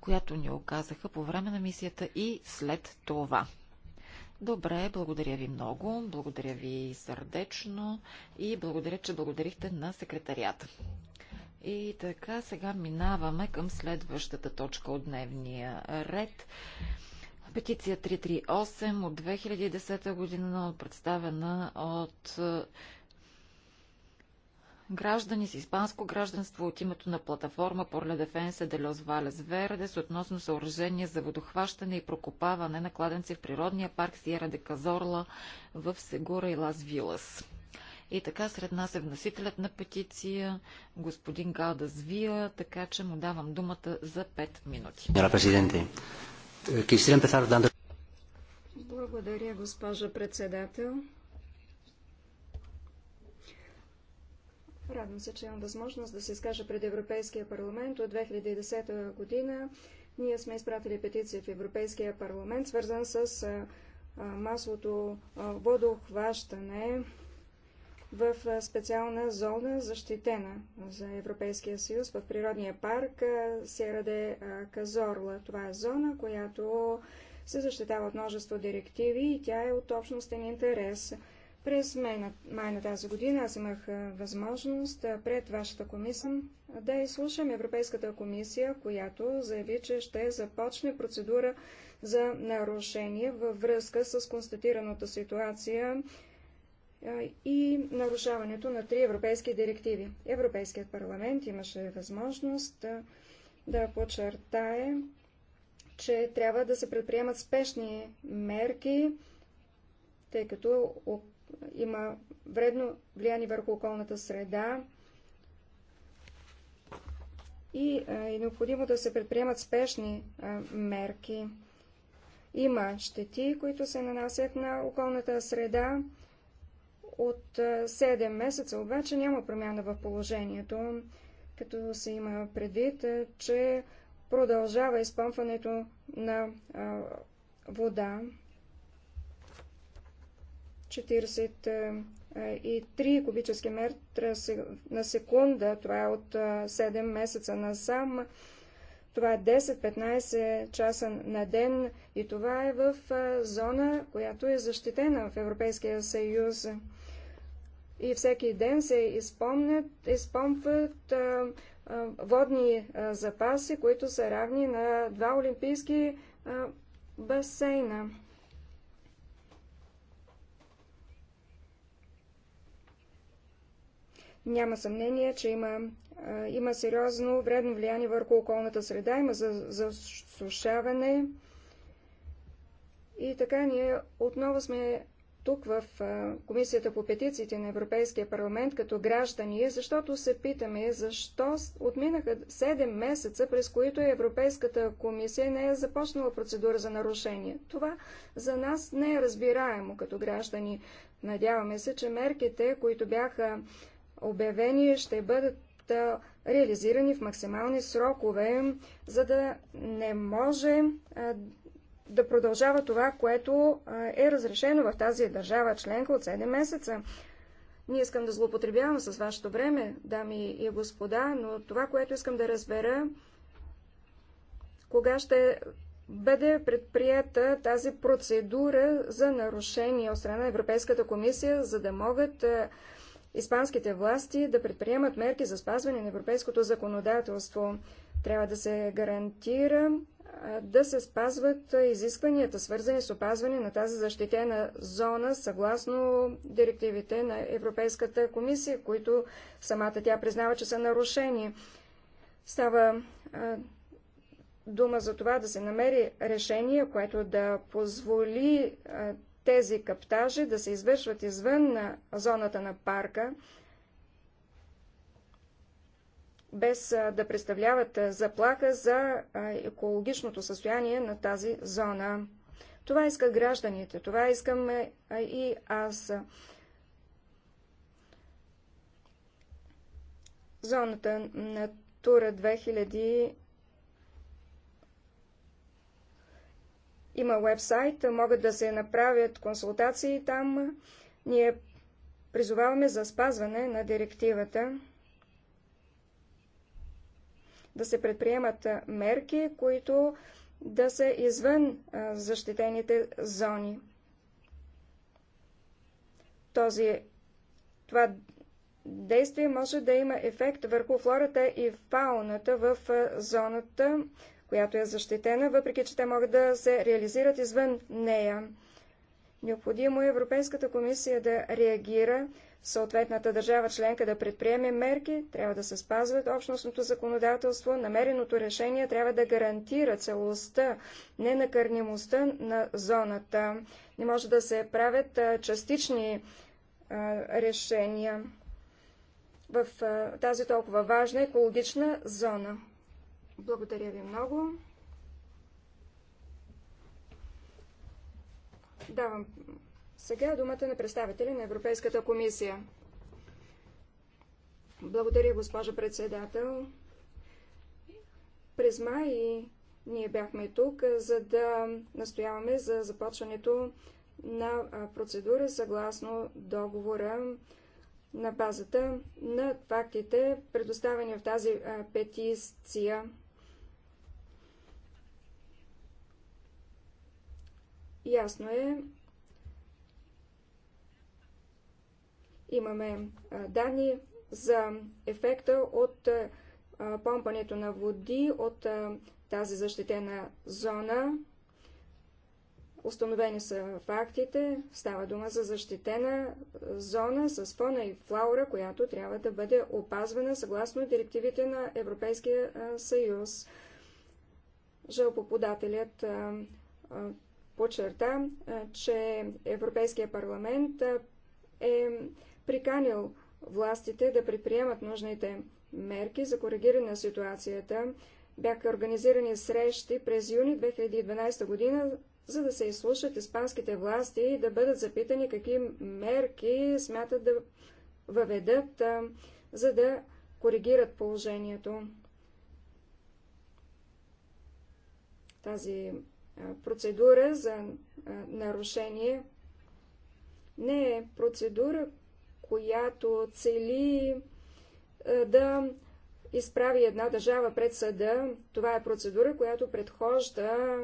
която ни оказаха по време на мисията и след това. Добре, благодаря ви много, благодаря ви сърдечно и благодаря, че благодарихте на секретарията. И така, сега минаваме към следващата точка от дневния ред. Петиция 338 от 2010 година, представена от граждани с испанско гражданство от името на платформа Порле Дефенсе де Лос Валес Вердес относно съоръжение за водохващане и прокопаване на кладенци в природния парк Сиера де Казорла в Сегура и Лас Вилас. И така сред нас е вносителят на петиция, господин Галда Звия, така че му давам думата за 5 минути. Eh, Благодаря, госпожа председател. Радвам се, че имам възможност да се изкажа пред Европейския парламент от 2010 година. Ние сме изпратили петиция в Европейския парламент, свързан с маслото водохващане в специална зона, защитена за Европейския съюз в природния парк Сераде Казорла. Това е зона, която се защитава от множество директиви и тя е от общностен интерес. През май на, май на тази година аз имах възможност пред вашата комисия да изслушам Европейската комисия, която заяви, че ще започне процедура за нарушение във връзка с констатираната ситуация и нарушаването на три европейски директиви. Европейският парламент имаше възможност да подчертае, че трябва да се предприемат спешни мерки, тъй като има вредно влияние върху околната среда и е необходимо да се предприемат спешни мерки. Има щети, които се нанасят на околната среда. От 7 месеца обаче няма промяна в положението, като се има предвид, че продължава изпомпването на вода 43 кубически метра на секунда. Това е от 7 месеца насам. Това е 10-15 часа на ден и това е в зона, която е защитена в Европейския съюз. И всеки ден се изпомнят, изпомпват а, а, водни а, запаси, които са равни на два олимпийски а, басейна. Няма съмнение, че има, има сериозно вредно влияние върху околната среда, има засушаване. и така ние отново сме тук в Комисията по петициите на Европейския парламент като граждани, защото се питаме защо отминаха 7 месеца, през които Европейската комисия не е започнала процедура за нарушение. Това за нас не е разбираемо като граждани. Надяваме се, че мерките, които бяха обявени ще бъдат реализирани в максимални срокове, за да не може да продължава това, което е разрешено в тази държава членка от 7 месеца. Не искам да злоупотребявам с вашето време, дами и господа, но това, което искам да разбера, кога ще бъде предприета тази процедура за нарушение от страна на Европейската комисия, за да могат испанските власти да предприемат мерки за спазване на европейското законодателство. Трябва да се гарантира да се спазват изискванията, свързани с опазване на тази защитена зона, съгласно директивите на Европейската комисия, които самата тя признава, че са нарушени. Става дума за това да се намери решение, което да позволи а, тези каптажи да се извършват извън на зоната на парка, без да представляват заплаха за екологичното състояние на тази зона. Това искат гражданите, това искам и аз. Зоната Натура 2000 Има вебсайт, могат да се направят консултации там. Ние призоваваме за спазване на директивата, да се предприемат мерки, които да са извън защитените зони. Този, това действие може да има ефект върху флората и фауната в зоната която е защитена, въпреки че те могат да се реализират извън нея. Необходимо е Европейската комисия да реагира, съответната държава членка да предприеме мерки, трябва да се спазват общностното законодателство, намереното решение трябва да гарантира целостта, ненакърнимостта на зоната. Не може да се правят частични решения в тази толкова важна екологична зона. Благодаря ви много. Давам сега думата на представители на Европейската комисия. Благодаря, госпожа председател. През май ние бяхме тук, за да настояваме за започването на процедура съгласно договора на базата на фактите, предоставени в тази петиция Ясно е, имаме данни за ефекта от помпането на води от тази защитена зона. Установени са фактите. Става дума за защитена зона с фона и флаура, която трябва да бъде опазвана съгласно директивите на Европейския съюз. Жалпоподателят подчерта, че Европейския парламент е приканил властите да предприемат нужните мерки за коригиране на ситуацията. Бяха организирани срещи през юни 2012 година, за да се изслушат испанските власти и да бъдат запитани какви мерки смятат да въведат, за да коригират положението. Тази процедура за нарушение не е процедура, която цели да изправи една държава пред съда. Това е процедура, която предхожда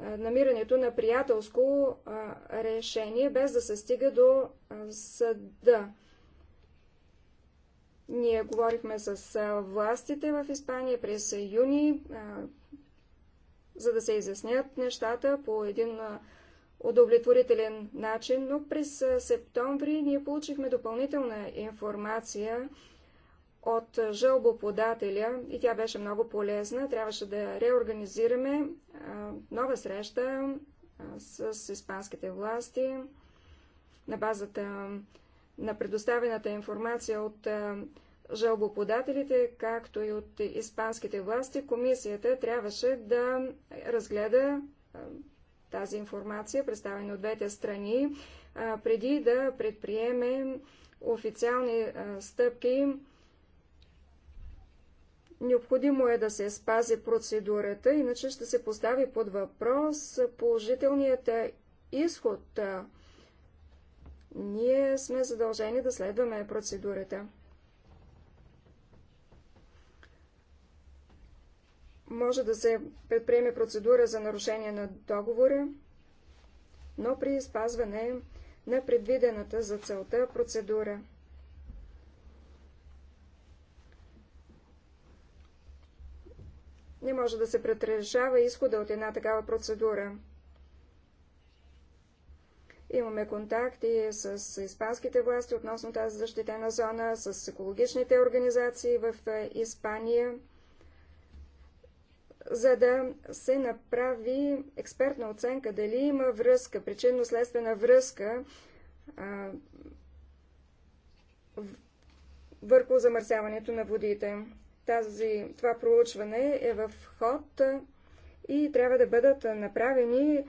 намирането на приятелско решение, без да се стига до съда. Ние говорихме с властите в Испания през юни, за да се изяснят нещата по един удовлетворителен начин, но през септомври ние получихме допълнителна информация от жълбоподателя и тя беше много полезна. Трябваше да реорганизираме нова среща с испанските власти на базата на предоставената информация от жалбоподателите, както и от испанските власти, комисията трябваше да разгледа тази информация, представена от двете страни, преди да предприеме официални стъпки. Необходимо е да се спази процедурата, иначе ще се постави под въпрос положителният изход. Ние сме задължени да следваме процедурата. може да се предприеме процедура за нарушение на договора, но при спазване на предвидената за целта процедура. Не може да се предрешава изхода от една такава процедура. Имаме контакти с испанските власти относно тази защитена зона, с екологичните организации в е, Испания – за да се направи експертна оценка дали има връзка, причинно-следствена връзка а, върху замърсяването на водите. Тази, това проучване е в ход и трябва да бъдат направени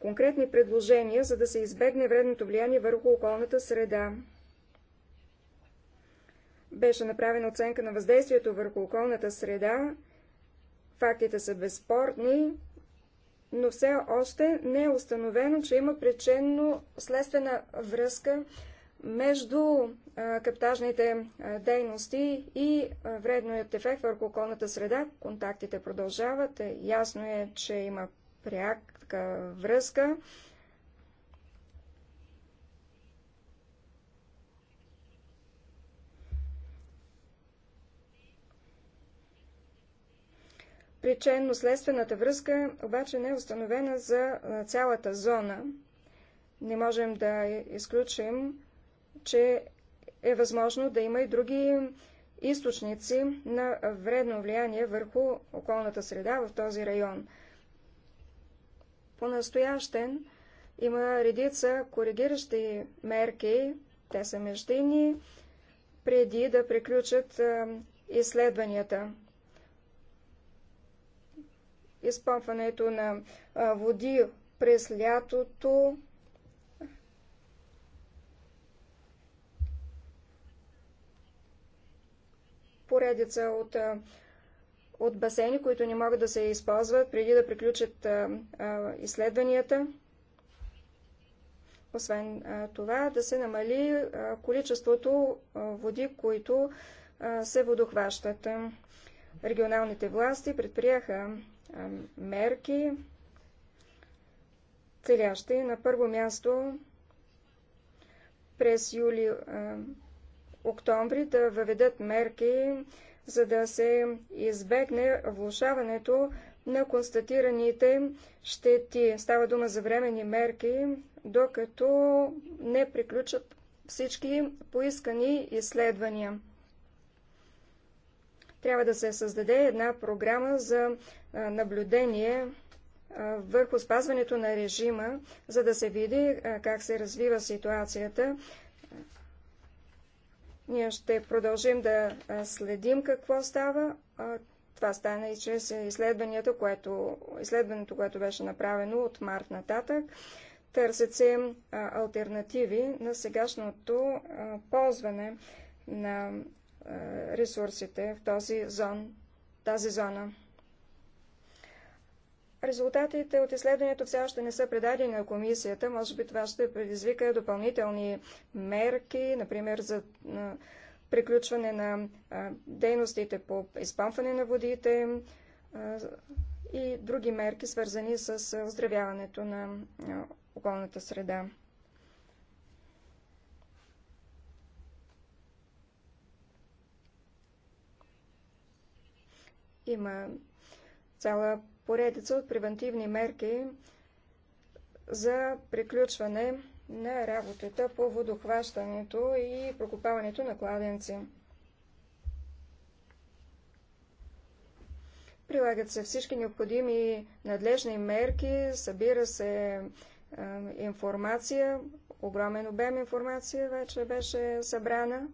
конкретни предложения, за да се избегне вредното влияние върху околната среда. Беше направена оценка на въздействието върху околната среда Фактите са безспорни, но все още не е установено, че има причинно-следствена връзка между каптажните дейности и вредният ефект върху околната среда. Контактите продължават. Е, ясно е, че има пряка връзка Причинно-следствената връзка обаче не е установена за цялата зона. Не можем да изключим, че е възможно да има и други източници на вредно влияние върху околната среда в този район. По-настоящен има редица коригиращи мерки, те са междинни, преди да приключат изследванията изпъмпването на води през лятото. Поредица от, от басейни, които не могат да се използват преди да приключат изследванията. Освен това, да се намали количеството води, които се водохващат. Регионалните власти предприеха мерки, целящи на първо място през юли-октомври да въведат мерки, за да се избегне влушаването на констатираните щети. Става дума за времени мерки, докато не приключат всички поискани изследвания. Трябва да се създаде една програма за наблюдение върху спазването на режима, за да се види как се развива ситуацията. Ние ще продължим да следим какво става. Това стана и чрез изследването, което, изследването, което беше направено от март нататък. Търсят се альтернативи на сегашното ползване на е, ресурсите в този зон, тази зона. Резултатите от изследването все още не са предадени на комисията. Може би това ще предизвика допълнителни мерки, например за приключване на дейностите по изпампване на водите и други мерки, свързани с оздравяването на околната среда. Има цяла поредица от превентивни мерки за приключване на работата по водохващането и прокопаването на кладенци. Прилагат се всички необходими надлежни мерки, събира се е, информация, огромен обем информация вече беше събрана.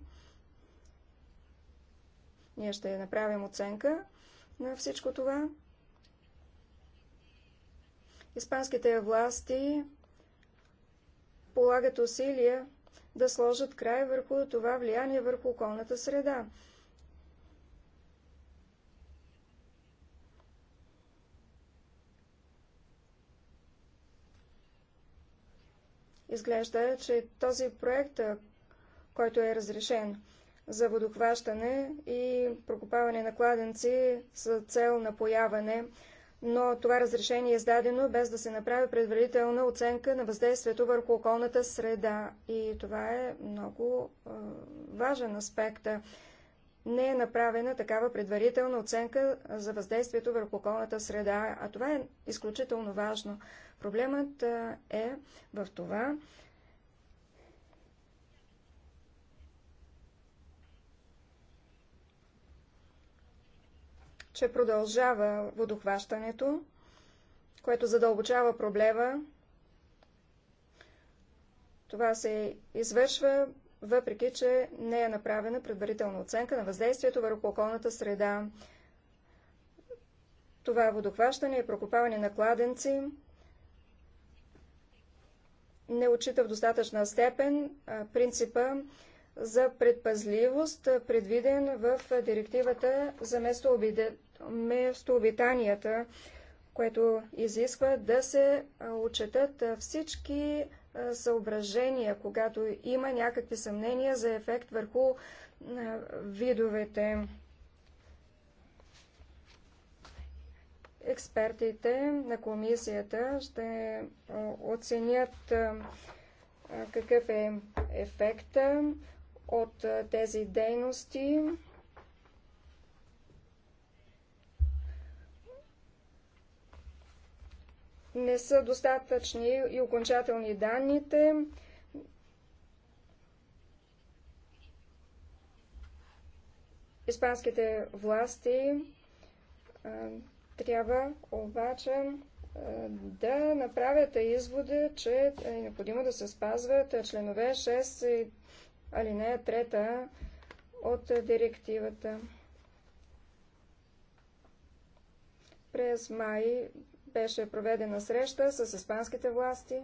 Ние ще направим оценка на всичко това. Испанските власти полагат усилия да сложат край върху това влияние върху околната среда. Изглежда, че този проект, който е разрешен за водохващане и прокопаване на кладенци с цел напояване, но това разрешение е издадено без да се направи предварителна оценка на въздействието върху околната среда. И това е много е, важен аспект. Не е направена такава предварителна оценка за въздействието върху околната среда, а това е изключително важно. Проблемът е в това, че продължава водохващането, което задълбочава проблема. Това се извършва, въпреки че не е направена предварителна оценка на въздействието върху околната среда. Това водохващане и е прокопаване на кладенци не отчита в достатъчна степен принципа за предпазливост, предвиден в директивата за местообитанията местообитанията, което изисква да се отчетат всички съображения, когато има някакви съмнения за ефект върху видовете. Експертите на комисията ще оценят какъв е ефекта от тези дейности не са достатъчни и окончателни данните. Испанските власти трябва обаче да направят извода, че е необходимо да се спазват членове 6 алинея 3 от директивата. През май беше проведена среща с испанските власти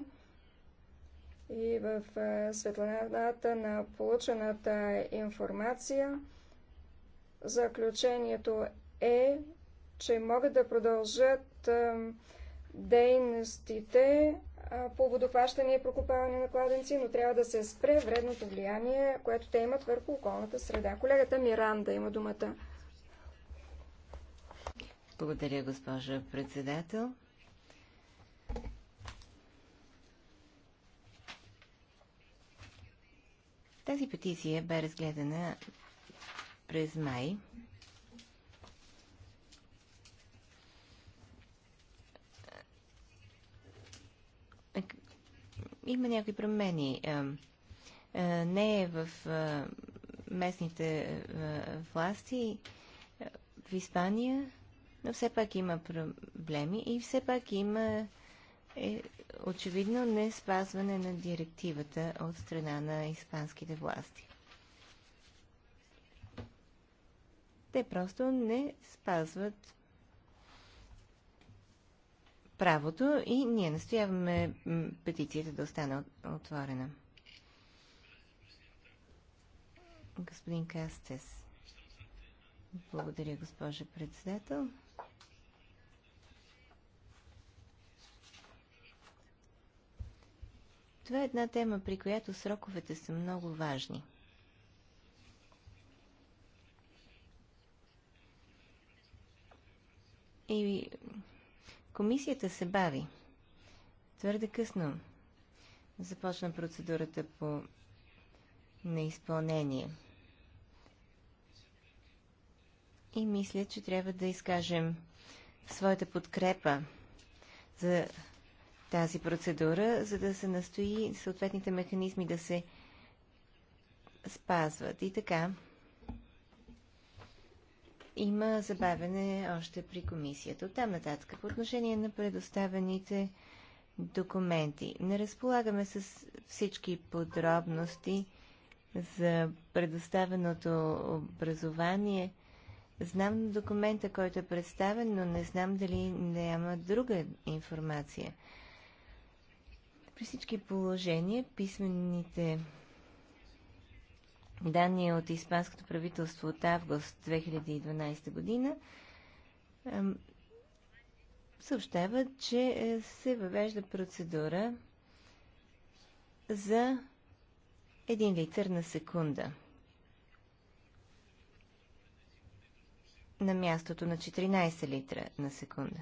и в е, светлината на получената информация заключението е, че могат да продължат е, дейностите е, по водохващане и прокопаване на кладенци, но трябва да се спре вредното влияние, което те имат върху околната среда. Колегата Миранда има думата. Благодаря, госпожа председател. Тази петиция бе разгледана през май. Има някои промени. Е, е, не е в е, местните власти в Испания но все пак има проблеми и все пак има е, очевидно не спазване на директивата от страна на испанските власти. Те просто не спазват правото и ние настояваме петицията да остане отворена. Господин Кастес. Благодаря, госпожа председател. Това е една тема, при която сроковете са много важни. И комисията се бави. Твърде късно започна процедурата по неизпълнение. И мисля, че трябва да изкажем своята подкрепа за тази процедура, за да се настои съответните механизми да се спазват. И така, има забавене още при комисията. от там нататък, по отношение на предоставените документи. Не разполагаме с всички подробности за предоставеното образование. Знам документа, който е представен, но не знам дали няма друга информация. При всички положения, писмените данни от Испанското правителство от август 2012 година съобщават, че е, се въвежда процедура за 1 литър на секунда. На мястото на 14 литра на секунда.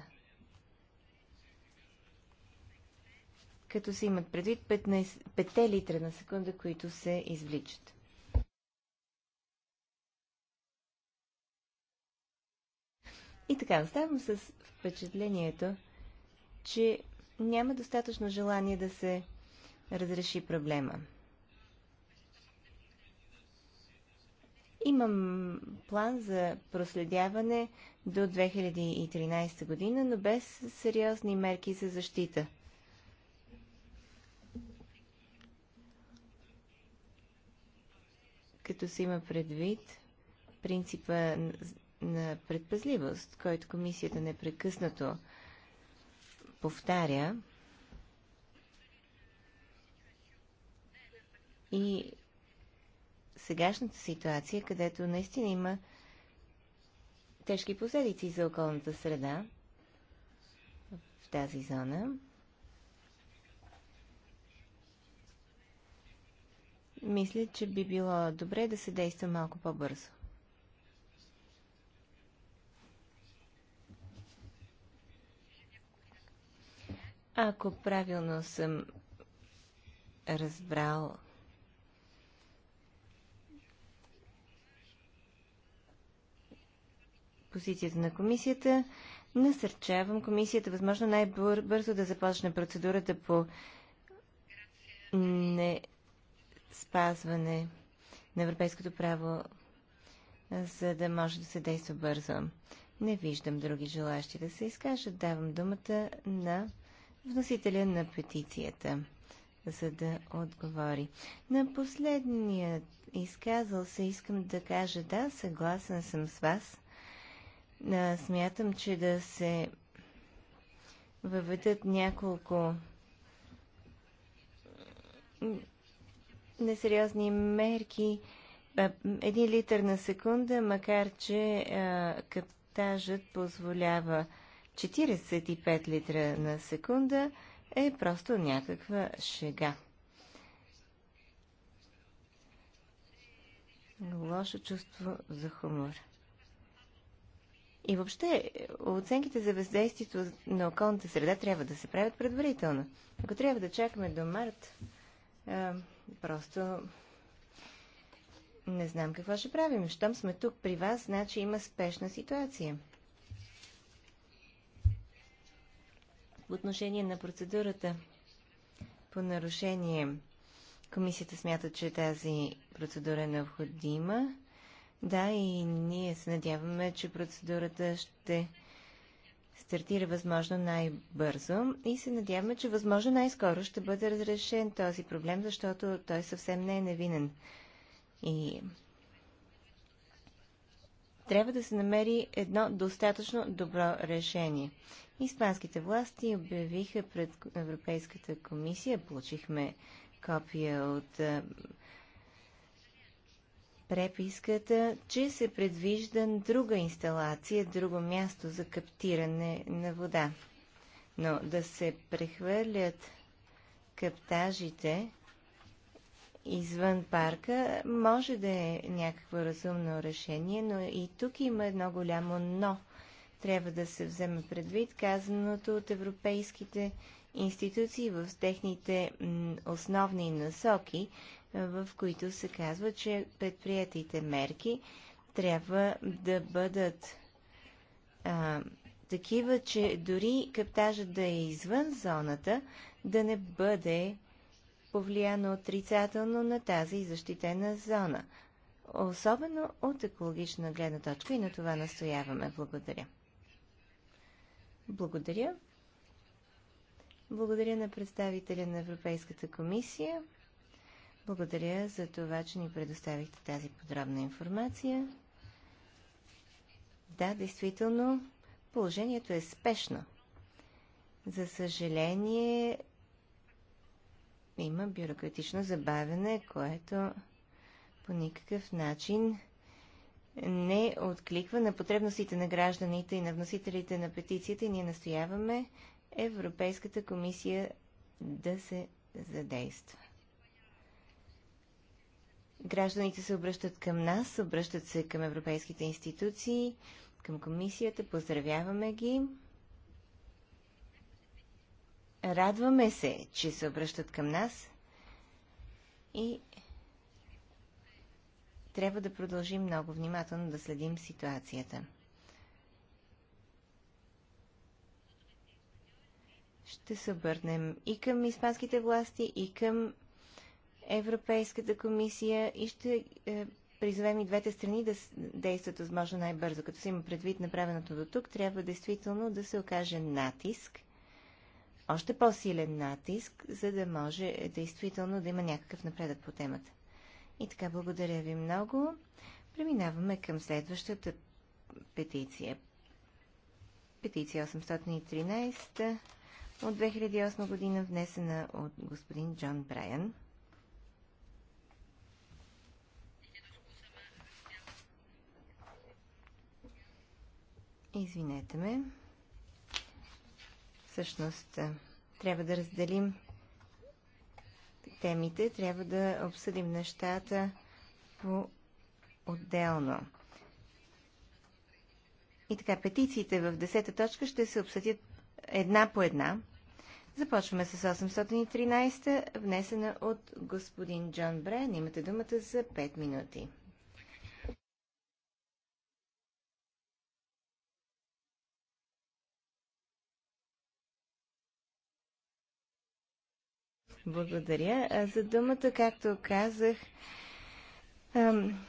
като се имат предвид 15, 5 литра на секунда, които се извличат. И така, оставам с впечатлението, че няма достатъчно желание да се разреши проблема. Имам план за проследяване до 2013 година, но без сериозни мерки за защита. като се има предвид принципа на предпазливост, който комисията непрекъснато повтаря и сегашната ситуация, където наистина има тежки последици за околната среда в тази зона, мисля, че би било добре да се действа малко по-бързо. Ако правилно съм разбрал позицията на комисията, насърчавам комисията възможно най-бързо да започне процедурата по не спазване на европейското право, за да може да се действа бързо. Не виждам други желащи да се изкажат. Давам думата на вносителя на петицията, за да отговори. На последния изказал се искам да кажа да, съгласен съм с вас. Смятам, че да се въведат няколко несериозни мерки. Един литър на секунда, макар че каптажът позволява 45 литра на секунда, е просто някаква шега. Лошо чувство за хумор. И въобще, оценките за въздействието на околната среда трябва да се правят предварително. Ако трябва да чакаме до март, е, просто не знам какво ще правим. Щом сме тук при вас, значи има спешна ситуация. В отношение на процедурата по нарушение, комисията смята, че тази процедура е необходима. Да, и ние се надяваме, че процедурата ще стартира възможно най-бързо и се надяваме, че възможно най-скоро ще бъде разрешен този проблем, защото той съвсем не е невинен. И трябва да се намери едно достатъчно добро решение. Испанските власти обявиха пред Европейската комисия, получихме копия от преписката, че се предвижда друга инсталация, друго място за каптиране на вода. Но да се прехвърлят каптажите извън парка може да е някакво разумно решение, но и тук има едно голямо но. Трябва да се вземе предвид казаното от европейските институции в техните основни насоки, в които се казва, че предприятите мерки трябва да бъдат а, такива, че дори каптажа да е извън зоната, да не бъде повлияно отрицателно на тази защитена зона. Особено от екологична гледна точка и на това настояваме. Благодаря. Благодаря. Благодаря на представителя на Европейската комисия. Благодаря за това, че ни предоставихте тази подробна информация. Да, действително, положението е спешно. За съжаление, има бюрократично забавяне, което по никакъв начин не откликва на потребностите на гражданите и на вносителите на петицията и ние настояваме Европейската комисия да се задейства. Гражданите се обръщат към нас, обръщат се към европейските институции, към комисията, поздравяваме ги. Радваме се, че се обръщат към нас и трябва да продължим много внимателно да следим ситуацията. ще се обърнем и към испанските власти, и към Европейската комисия и ще е, призовем и двете страни да действат възможно най-бързо. Като се има предвид направеното до тук, трябва действително да се окаже натиск, още по-силен натиск, за да може е, действително да има някакъв напредък по темата. И така, благодаря ви много. Преминаваме към следващата петиция. Петиция 813 от 2008 година, внесена от господин Джон Брайан. Извинете ме. Всъщност, трябва да разделим темите, трябва да обсъдим нещата по-отделно. И така, петициите в 10-та точка ще се обсъдят една по една. Започваме с 813, внесена от господин Джон Брен. Имате думата за 5 минути. Благодаря. За думата, както казах, ам,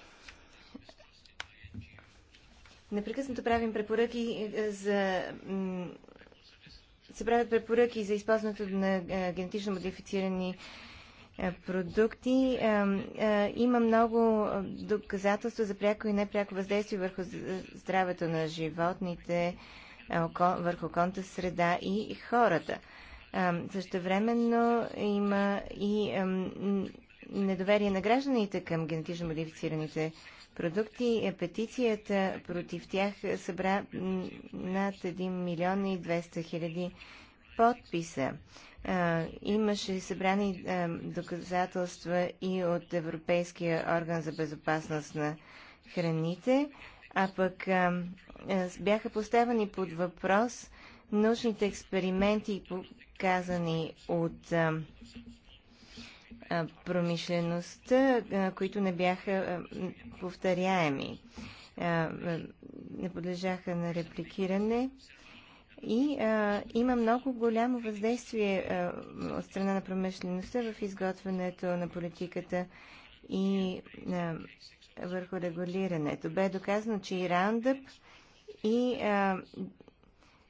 непрекъснато правим препоръки за се правят препоръки за използването на е, генетично модифицирани е, продукти. Е, има много доказателства за пряко и непряко въздействие върху здравето на животните, върху конта среда и хората. Същевременно има и недоверие на гражданите към генетично модифицираните продукти продукти. Е, петицията против тях събра над 1 милион и 200 хиляди подписа. Имаше събрани доказателства и от Европейския орган за безопасност на храните, а пък бяха поставени под въпрос научните експерименти, показани от промишлеността, които не бяха повторяеми, не подлежаха на репликиране. И а, има много голямо въздействие а, от страна на промишлеността в изготвянето на политиката и а, върху регулирането. Бе доказано, че и Раундъп и а,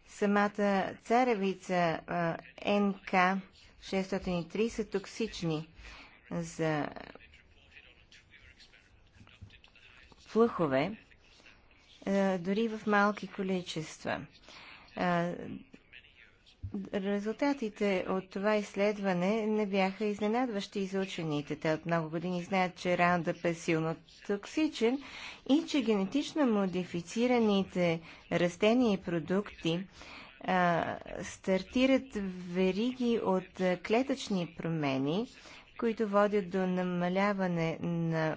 самата царевица а, НК 603 са токсични за плъхове, дори в малки количества. Резултатите от това изследване не бяха изненадващи за учените. Те от много години знаят, че раундъп е силно токсичен и че генетично модифицираните растения и продукти стартират вериги от клетъчни промени, които водят до намаляване на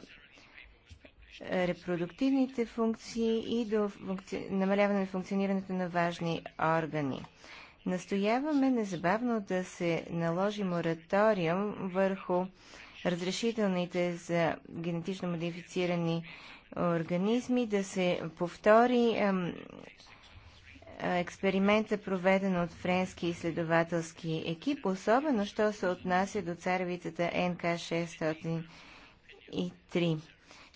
репродуктивните функции и до функци... намаляване на функционирането на важни органи. Настояваме незабавно да се наложи мораториум върху разрешителните за генетично модифицирани организми, да се повтори ам, експериментът, е проведен от френски изследователски екип, особено що се отнася до царевицата НК-603.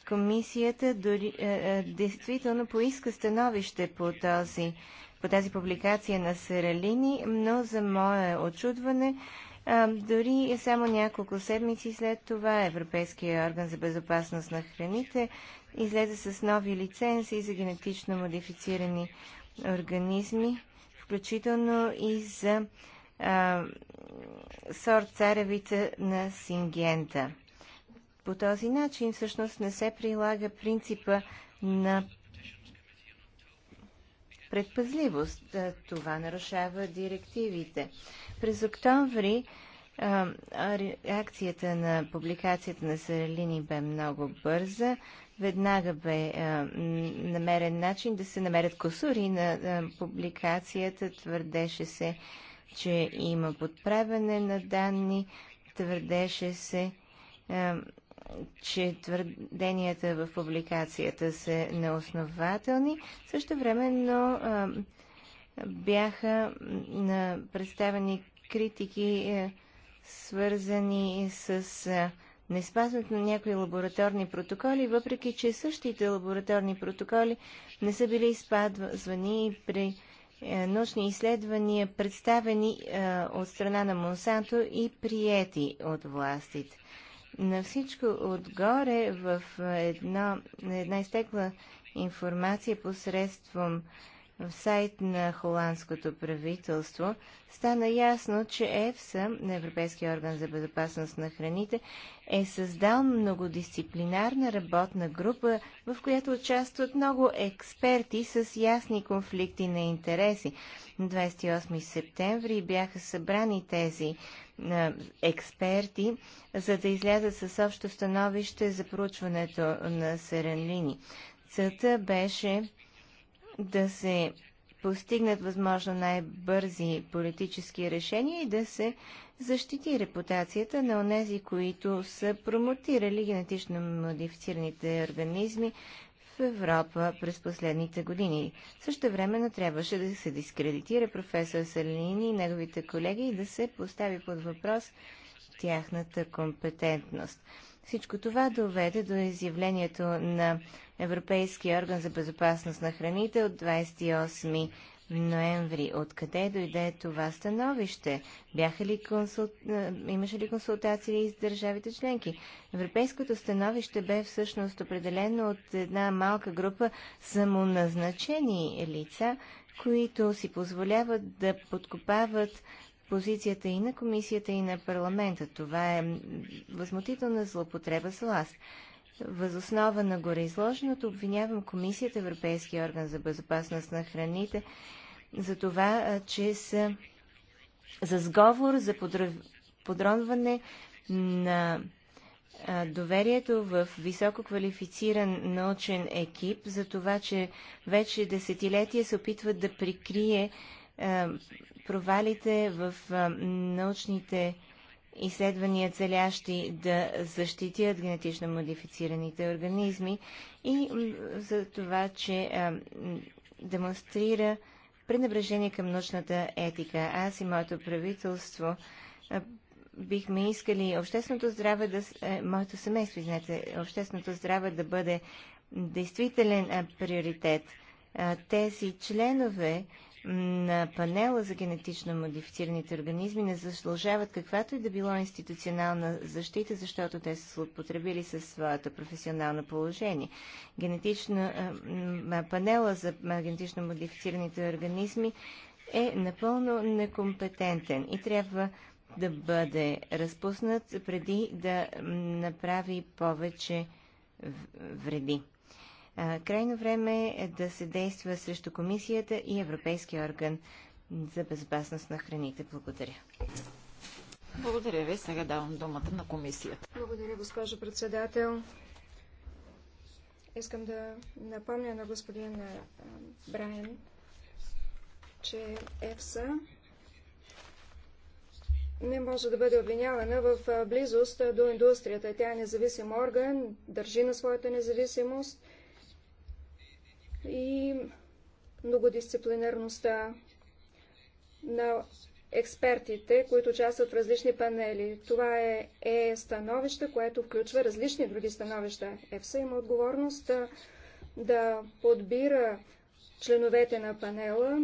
Комисията дори, е, е, действително поиска становище по, този, по тази публикация на Сералини, но за мое очудване е, дори само няколко седмици след това Европейския орган за безопасност на храните излезе с нови лицензии за генетично модифицирани организми, включително и за а, сорт царевица на сингента. По този начин всъщност не се прилага принципа на предпазливост. Е, това нарушава директивите. През октомври а, реакцията на публикацията на Саралини бе много бърза. Веднага бе а, намерен начин да се намерят косури на а, публикацията. Твърдеше се, че има подправяне на данни. Твърдеше се, че твърденията в публикацията са неоснователни. Също времено бяха представени критики е, свързани с не спазването на някои лабораторни протоколи, въпреки че същите лабораторни протоколи не са били изпазвани при е, научни изследвания, представени е, от страна на Монсанто и приети от властите. На всичко отгоре в е, едно, една изтекла информация посредством в сайт на холандското правителство стана ясно, че ЕФСА, на Европейския орган за безопасност на храните, е създал многодисциплинарна работна група, в която участват много експерти с ясни конфликти на интереси. На 28 септември бяха събрани тези експерти, за да излязат с общо становище за проучването на Серенлини. Целта беше да се постигнат възможно най-бързи политически решения и да се защити репутацията на онези, които са промотирали генетично модифицираните организми в Европа през последните години. Също времено трябваше да се дискредитира професор Салини и неговите колеги и да се постави под въпрос тяхната компетентност. Всичко това доведе до изявлението на Европейския орган за безопасност на храните от 28 ноември. Откъде дойде това становище? Бяха ли консул... Имаше ли консултации с държавите членки? Европейското становище бе всъщност определено от една малка група самоназначени лица, които си позволяват да подкопават позицията и на комисията, и на парламента. Това е възмутителна злопотреба с власт. Възоснова на гореизложеното обвинявам комисията, Европейския орган за безопасност на храните, за това, че са за сговор, за подронване на доверието в високо квалифициран научен екип за това, че вече десетилетия се опитват да прикрие е, провалите в е, научните изследвания, целящи да защитят генетично модифицираните организми и за това, че е, демонстрира пренебрежение към научната етика. Аз и моето правителство бихме искали общественото здраве да... Моето семейство, знаете, общественото здраве да бъде действителен приоритет. Тези членове на панела за генетично модифицираните организми не заслужават каквато и да било институционална защита, защото те са злоупотребили със своето професионално положение. Генетично, панела за генетично модифицираните организми е напълно некомпетентен и трябва да бъде разпуснат преди да направи повече вреди. Крайно време е да се действа срещу Комисията и Европейския орган за безопасност на храните. Благодаря. Благодаря ви. Сега давам думата на комисията. Благодаря, госпожо председател. Искам да напомня на господин Брайан, че ЕФСА не може да бъде обвинявана в близост до индустрията. Тя е независим орган, държи на своята независимост – и многодисциплинарността на експертите, които участват в различни панели. Това е, е становище, което включва различни други становища. ЕФСА има отговорност да, да подбира членовете на панела.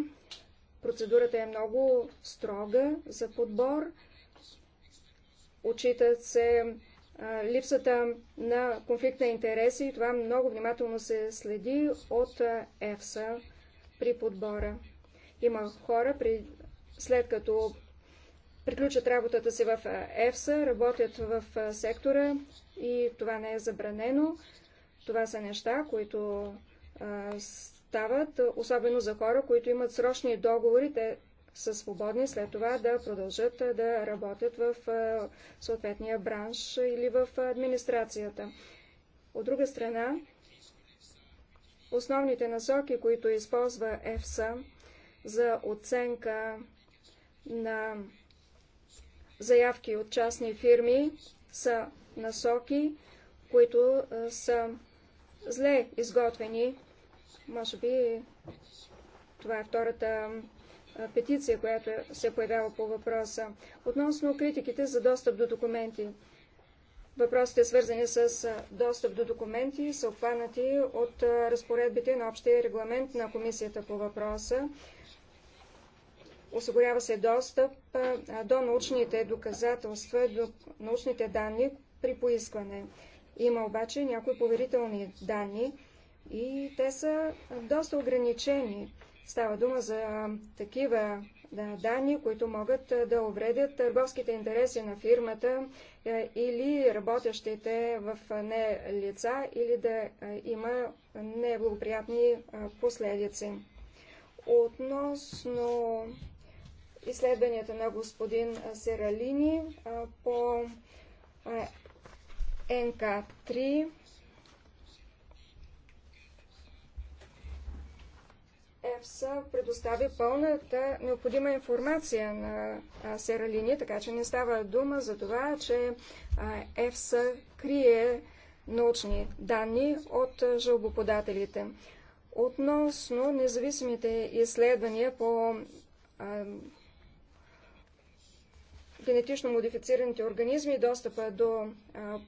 Процедурата е много строга за подбор. Учитат се липсата на конфликт на интереси и това много внимателно се следи от ЕФСА при подбора. Има хора, при, след като приключат работата си в ЕФСА, работят в сектора и това не е забранено. Това са неща, които а, стават, особено за хора, които имат срочни договори. Те са свободни след това да продължат да работят в съответния бранш или в администрацията. От друга страна, основните насоки, които използва ЕФСА за оценка на заявки от частни фирми, са насоки, които са зле изготвени. Може би това е втората петиция, която се появява по въпроса. Относно критиките за достъп до документи. Въпросите, свързани с достъп до документи, са обхванати от разпоредбите на общия регламент на комисията по въпроса. Осигурява се достъп до научните доказателства, до научните данни при поискване. Има обаче някои поверителни данни и те са доста ограничени. Става дума за такива да, данни, които могат да увредят търговските интереси на фирмата или работещите в не лица, или да има неблагоприятни последици. Относно изследванията на господин Сералини по НК-3, ЕПСА предоставя пълната необходима информация на Сералини, така че не става дума за това, че ЕФСА крие научни данни от жалбоподателите. Относно независимите изследвания по генетично модифицираните организми и достъпа до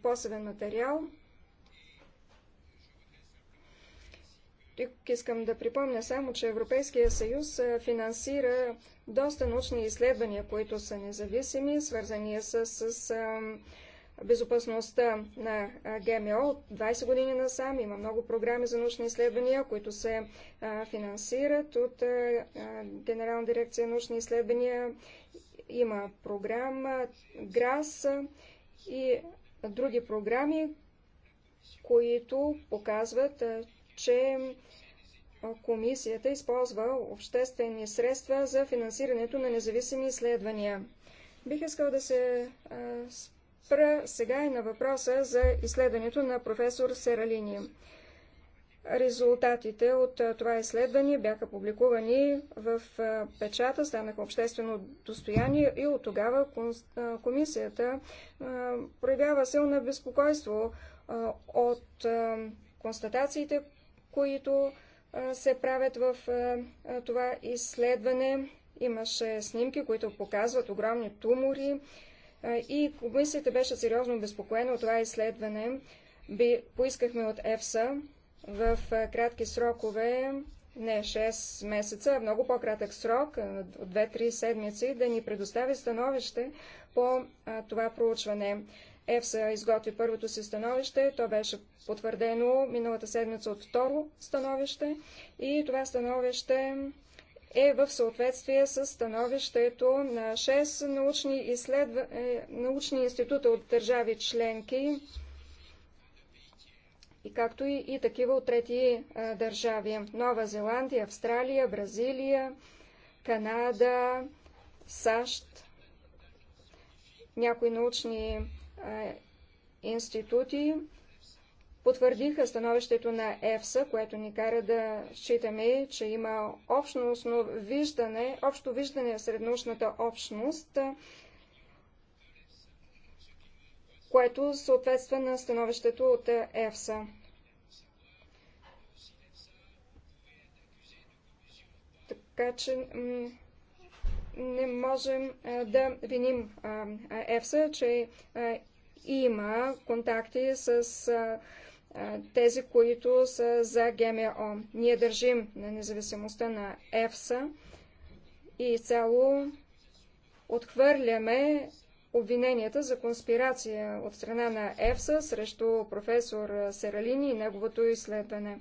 посевен материал – Тук искам да припомня само, че Европейския съюз финансира доста научни изследвания, които са независими, свързани с, с, с безопасността на ГМО. От 20 години насам има много програми за научни изследвания, които се финансират от Генерална дирекция научни изследвания. Има програма ГРАС и други програми, които показват, че комисията използва обществени средства за финансирането на независими изследвания. Бих искал да се спра сега и на въпроса за изследването на професор Сералини. Резултатите от това изследване бяха публикувани в печата, станаха обществено достояние и от тогава комисията проявява силно безпокойство от констатациите, които се правят в това изследване. Имаше снимки, които показват огромни тумори и комисията беше сериозно обезпокоена от това изследване. Би, поискахме от ЕФСА в кратки срокове, не 6 месеца, а много по-кратък срок, от 2-3 седмици, да ни предостави становище по това проучване. ЕФСА изготви първото си становище, то беше потвърдено миналата седмица от второ становище и това становище е в съответствие с становището на 6 научни, изследва... Е, научни института от държави членки и както и, и такива от трети а, е, държави. Нова Зеландия, Австралия, Бразилия, Канада, САЩ. Някои научни институти потвърдиха становището на ЕФСА, което ни кара да считаме, че има общностно виждане, общо виждане сред научната общност, което съответства на становището от ЕФСА. Така че не можем да виним ЕФСА, че има контакти с тези, които са за ГМО. Ние държим на независимостта на ЕФСА и цяло отхвърляме обвиненията за конспирация от страна на ЕФСА срещу професор Сералини и неговото изследване.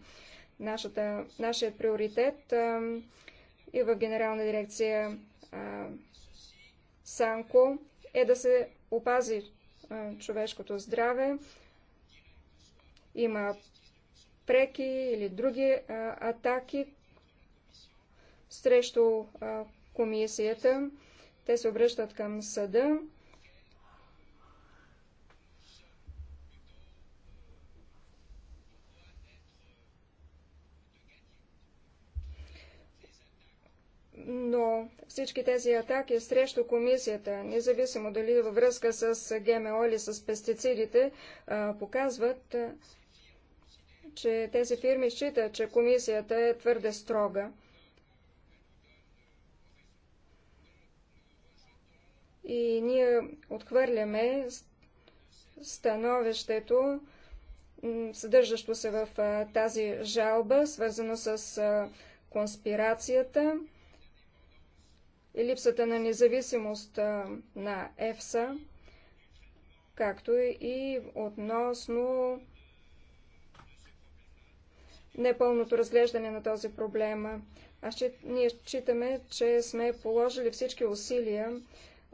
Нашата, нашият приоритет и в Генерална дирекция а, Санко е да се опази човешкото здраве. Има преки или други атаки срещу комисията. Те се обръщат към съда. но всички тези атаки срещу комисията, независимо дали във връзка с ГМО или с пестицидите, показват, че тези фирми считат, че комисията е твърде строга. И ние отхвърляме становището, съдържащо се в тази жалба, свързано с конспирацията и липсата на независимост на ЕФСА, както и относно непълното разглеждане на този проблем. А ние считаме, че сме положили всички усилия,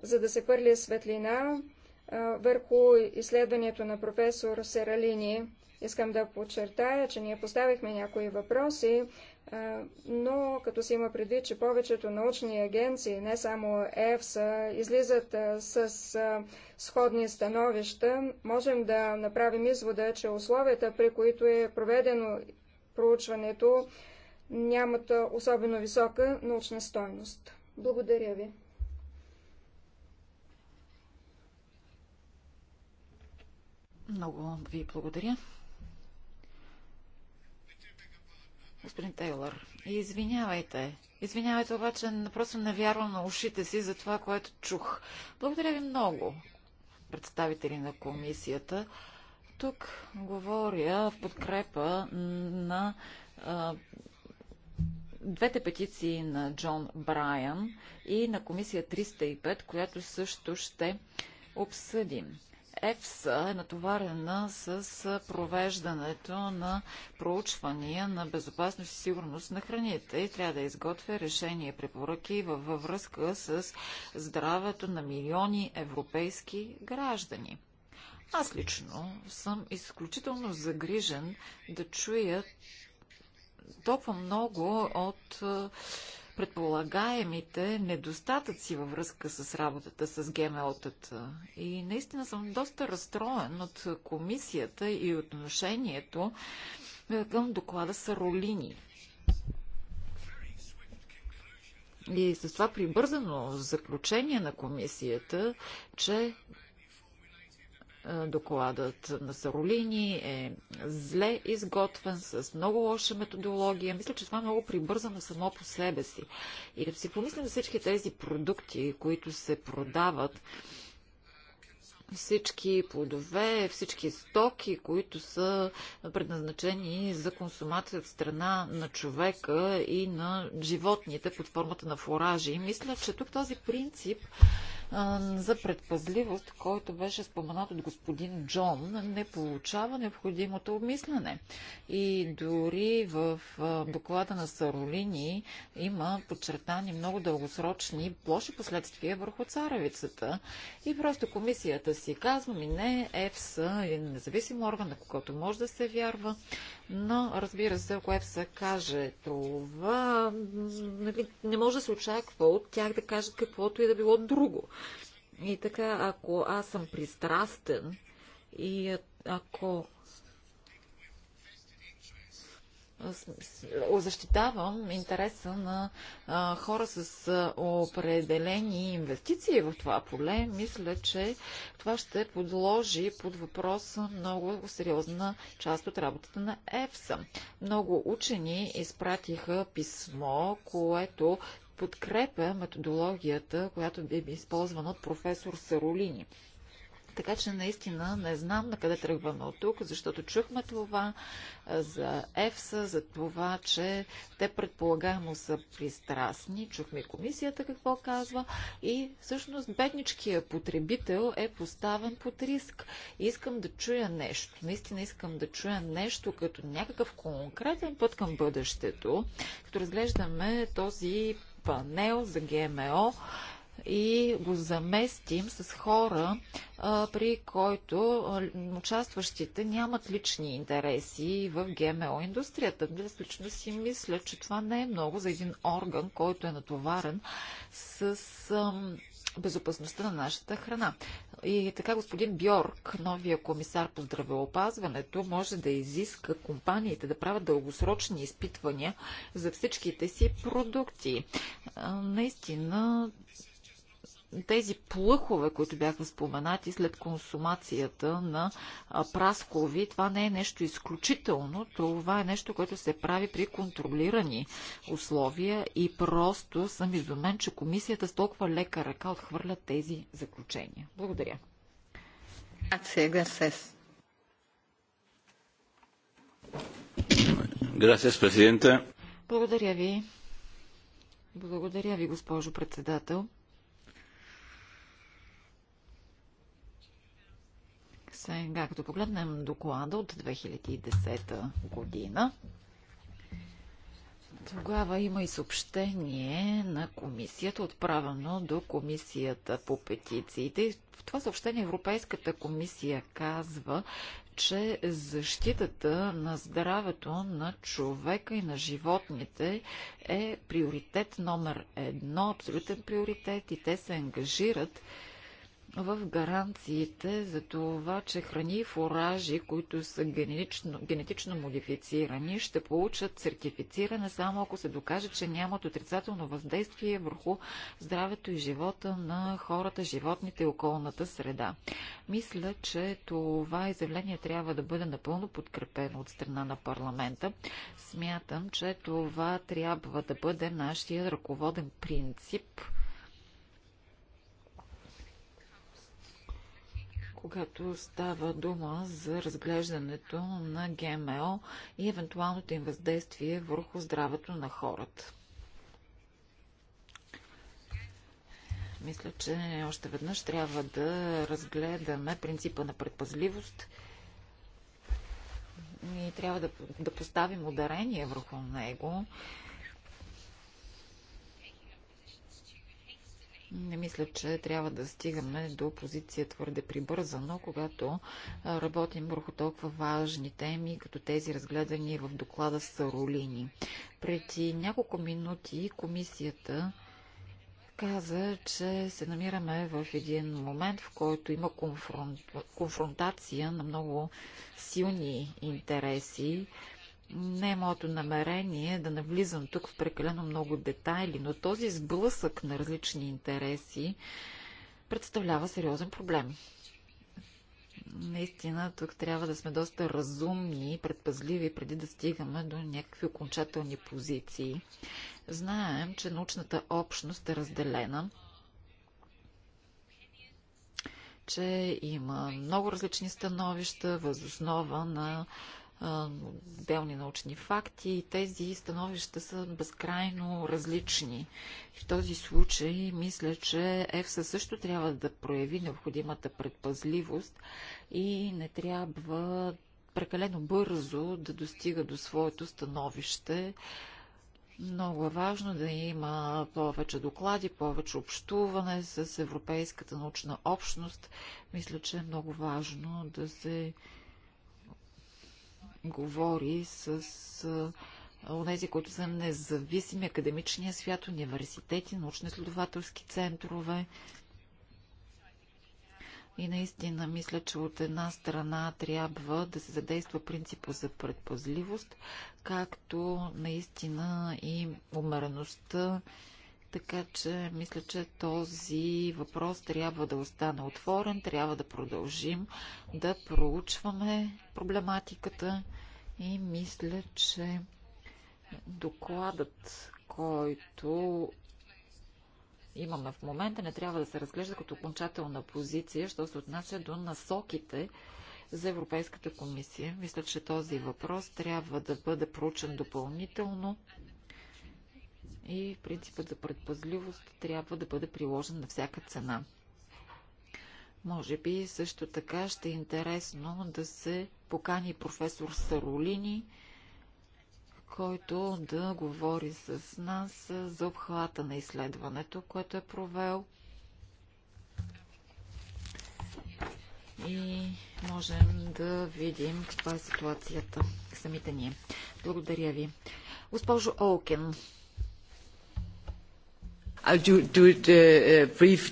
за да се пърли светлина а, върху изследването на професор Сералини. Искам да подчертая, че ние поставихме някои въпроси, е, но като се има предвид, че повечето научни агенции, не само ЕФСА, излизат е, с е, сходни становища, можем да направим извода, че условията, при които е проведено проучването, нямат особено висока научна стойност. Благодаря ви. Много ви благодаря. Господин И извинявайте. Извинявайте, обаче просто не вярвам на ушите си за това, което чух. Благодаря ви много, представители на комисията. Тук говоря в подкрепа на а, двете петиции на Джон Брайан и на комисия 305, която също ще обсъдим. ЕФСА е натоварена с провеждането на проучвания на безопасност и сигурност на храните и трябва да изготвя решения и препоръки във връзка с здравето на милиони европейски граждани. Аз лично съм изключително загрижен да чуя толкова много от предполагаемите недостатъци във връзка с работата с ГМО-тата. И наистина съм доста разстроен от комисията и отношението е, към доклада Саролини. И с това прибързано заключение на комисията, че е, докладът на Саролини е зле изготвен, с много лоша методология. Мисля, че това е много прибързано само по себе си. И като си помислим за всички тези продукти, които се продават, всички плодове, всички стоки, които са предназначени за консумация от страна на човека и на животните под формата на фуражи. И мисля, че тук този принцип за предпазливост, който беше споменат от господин Джон, не получава необходимото обмислене. И дори в доклада на Саролини има подчертани много дългосрочни лоши последствия върху царевицата. И просто комисията си казва, ми не, ЕФСА е независим орган, на когато може да се вярва. Но, разбира се, ако се каже това, нали, не може да се очаква от тях да кажат каквото и да било друго. И така, ако аз съм пристрастен и ако защитавам интереса на хора с определени инвестиции в това поле, мисля, че това ще подложи под въпрос много сериозна част от работата на ЕФСА. Много учени изпратиха писмо, което подкрепя методологията, която би използвана от професор Саролини. Така че наистина не знам на къде тръгваме от тук, защото чухме това за ЕФСА, за това, че те предполагаемо са пристрастни. Чухме комисията какво казва и всъщност бедничкият потребител е поставен под риск. Искам да чуя нещо. Наистина искам да чуя нещо като някакъв конкретен път към бъдещето, като разглеждаме този панел за ГМО и го заместим с хора, при който участващите нямат лични интереси в ГМО индустрията. Аз лично си мисля, че това не е много за един орган, който е натоварен с безопасността на нашата храна. И така господин Бьорк, новия комисар по здравеопазването, може да изиска компаниите да правят дългосрочни изпитвания за всичките си продукти. Наистина тези плъхове, които бяха споменати след консумацията на праскови, това не е нещо изключително, това е нещо, което се прави при контролирани условия и просто съм изумен, че комисията с толкова лека ръка отхвърля тези заключения. Благодаря. Благодаря ви. Благодаря ви, госпожо председател. Сега, като погледнем доклада от 2010 година, тогава има и съобщение на комисията, отправено до комисията по петициите. в това съобщение Европейската комисия казва, че защитата на здравето на човека и на животните е приоритет номер едно, абсолютен приоритет и те се ангажират в гаранциите за това, че храни и фуражи, които са генетично, генетично модифицирани, ще получат сертифициране само ако се докаже, че нямат отрицателно въздействие върху здравето и живота на хората, животните и околната среда. Мисля, че това изявление трябва да бъде напълно подкрепено от страна на парламента. Смятам, че това трябва да бъде нашия ръководен принцип – когато става дума за разглеждането на ГМО и евентуалното им въздействие върху здравето на хората. Мисля, че още веднъж трябва да разгледаме принципа на предпазливост и трябва да, да поставим ударение върху него Не мисля, че трябва да стигаме до позиция твърде прибързано, когато работим върху толкова важни теми, като тези разгледани в доклада Саролини. Преди няколко минути комисията каза, че се намираме в един момент, в който има конфронт... конфронтация на много силни интереси не е моето намерение да навлизам тук в прекалено много детайли, но този сблъсък на различни интереси представлява сериозен проблем. Наистина, тук трябва да сме доста разумни и предпазливи, преди да стигаме до някакви окончателни позиции. Знаем, че научната общност е разделена, че има много различни становища възоснова на отделни научни факти и тези становища са безкрайно различни. В този случай мисля, че ЕФСА също трябва да прояви необходимата предпазливост и не трябва прекалено бързо да достига до своето становище. Много е важно да има повече доклади, повече общуване с Европейската научна общност. Мисля, че е много важно да се говори с онези, които са независими академичния свят, университети, научно-изследователски центрове. И наистина мисля, че от една страна трябва да се задейства принципа за предпазливост, както наистина и умереността така че мисля, че този въпрос трябва да остане отворен, трябва да продължим да проучваме проблематиката и мисля, че докладът, който имаме в момента, не трябва да се разглежда като окончателна позиция, що се отнася до насоките за Европейската комисия. Мисля, че този въпрос трябва да бъде проучен допълнително и принципът за предпазливост трябва да бъде приложен на всяка цена. Може би също така ще е интересно да се покани професор Саролини, който да говори с нас за обхвата на изследването, което е провел. И можем да видим каква е ситуацията самите ние. Благодаря ви. Госпожо Олкен, Uh,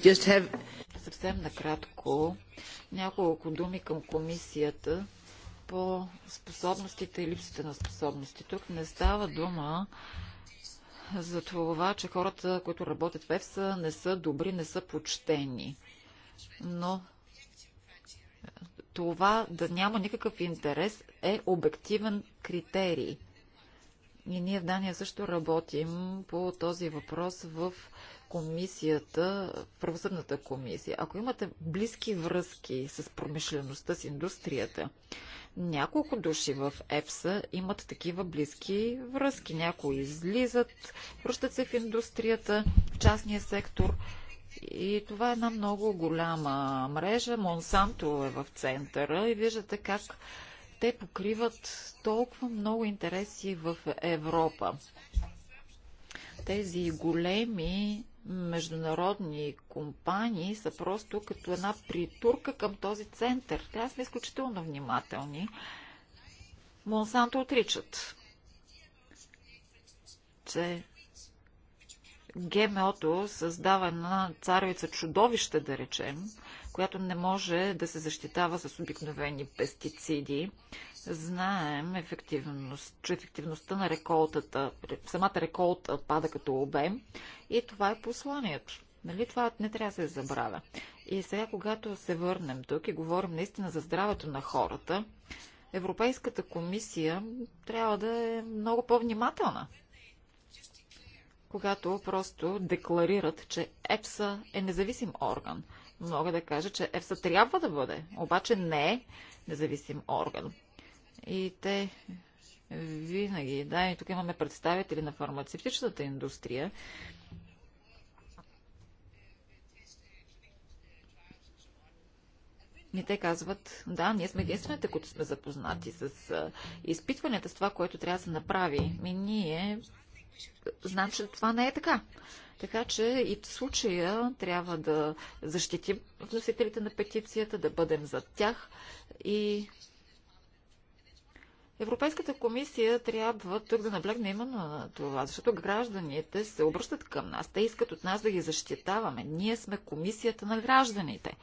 uh, Съвсем накратко, няколко думи към комисията по способностите и липсите на способности. Тук не става дума за това, че хората, които работят в ЕФСА, не са добри, не са почтени. Но това да няма никакъв интерес е обективен критерий – и ние в Дания също работим по този въпрос в комисията, правосъдната комисия. Ако имате близки връзки с промишлеността, с индустрията, няколко души в ЕПСА имат такива близки връзки. Някои излизат, връщат се в индустрията, в частния сектор. И това е една много голяма мрежа. Монсанто е в центъра и виждате как те покриват толкова много интереси в Европа. Тези големи международни компании са просто като една притурка към този център. Трябва сме изключително внимателни. Монсанто отричат, че ГМО-то създава една царевица чудовище, да речем, която не може да се защитава с обикновени пестициди. Знаем ефективност, че ефективността на реколтата, самата реколта пада като обем и това е посланието. Нали? Това не трябва да се забравя. И сега, когато се върнем тук и говорим наистина за здравето на хората, Европейската комисия трябва да е много по-внимателна когато просто декларират, че ЕПСА е независим орган мога да кажа, че ЕФСА трябва да бъде, обаче не е независим орган. И те винаги, да, и тук имаме представители на фармацевтичната индустрия, И те казват, да, ние сме единствените, които сме запознати с изпитванията, с това, което трябва да се направи. И ние знам, че това не е така. Така че и в случая трябва да защитим вносителите на петицията, да бъдем за тях и Европейската комисия трябва тук да наблегне именно на това, защото гражданите се обръщат към нас. Те искат от нас да ги защитаваме. Ние сме комисията на гражданите.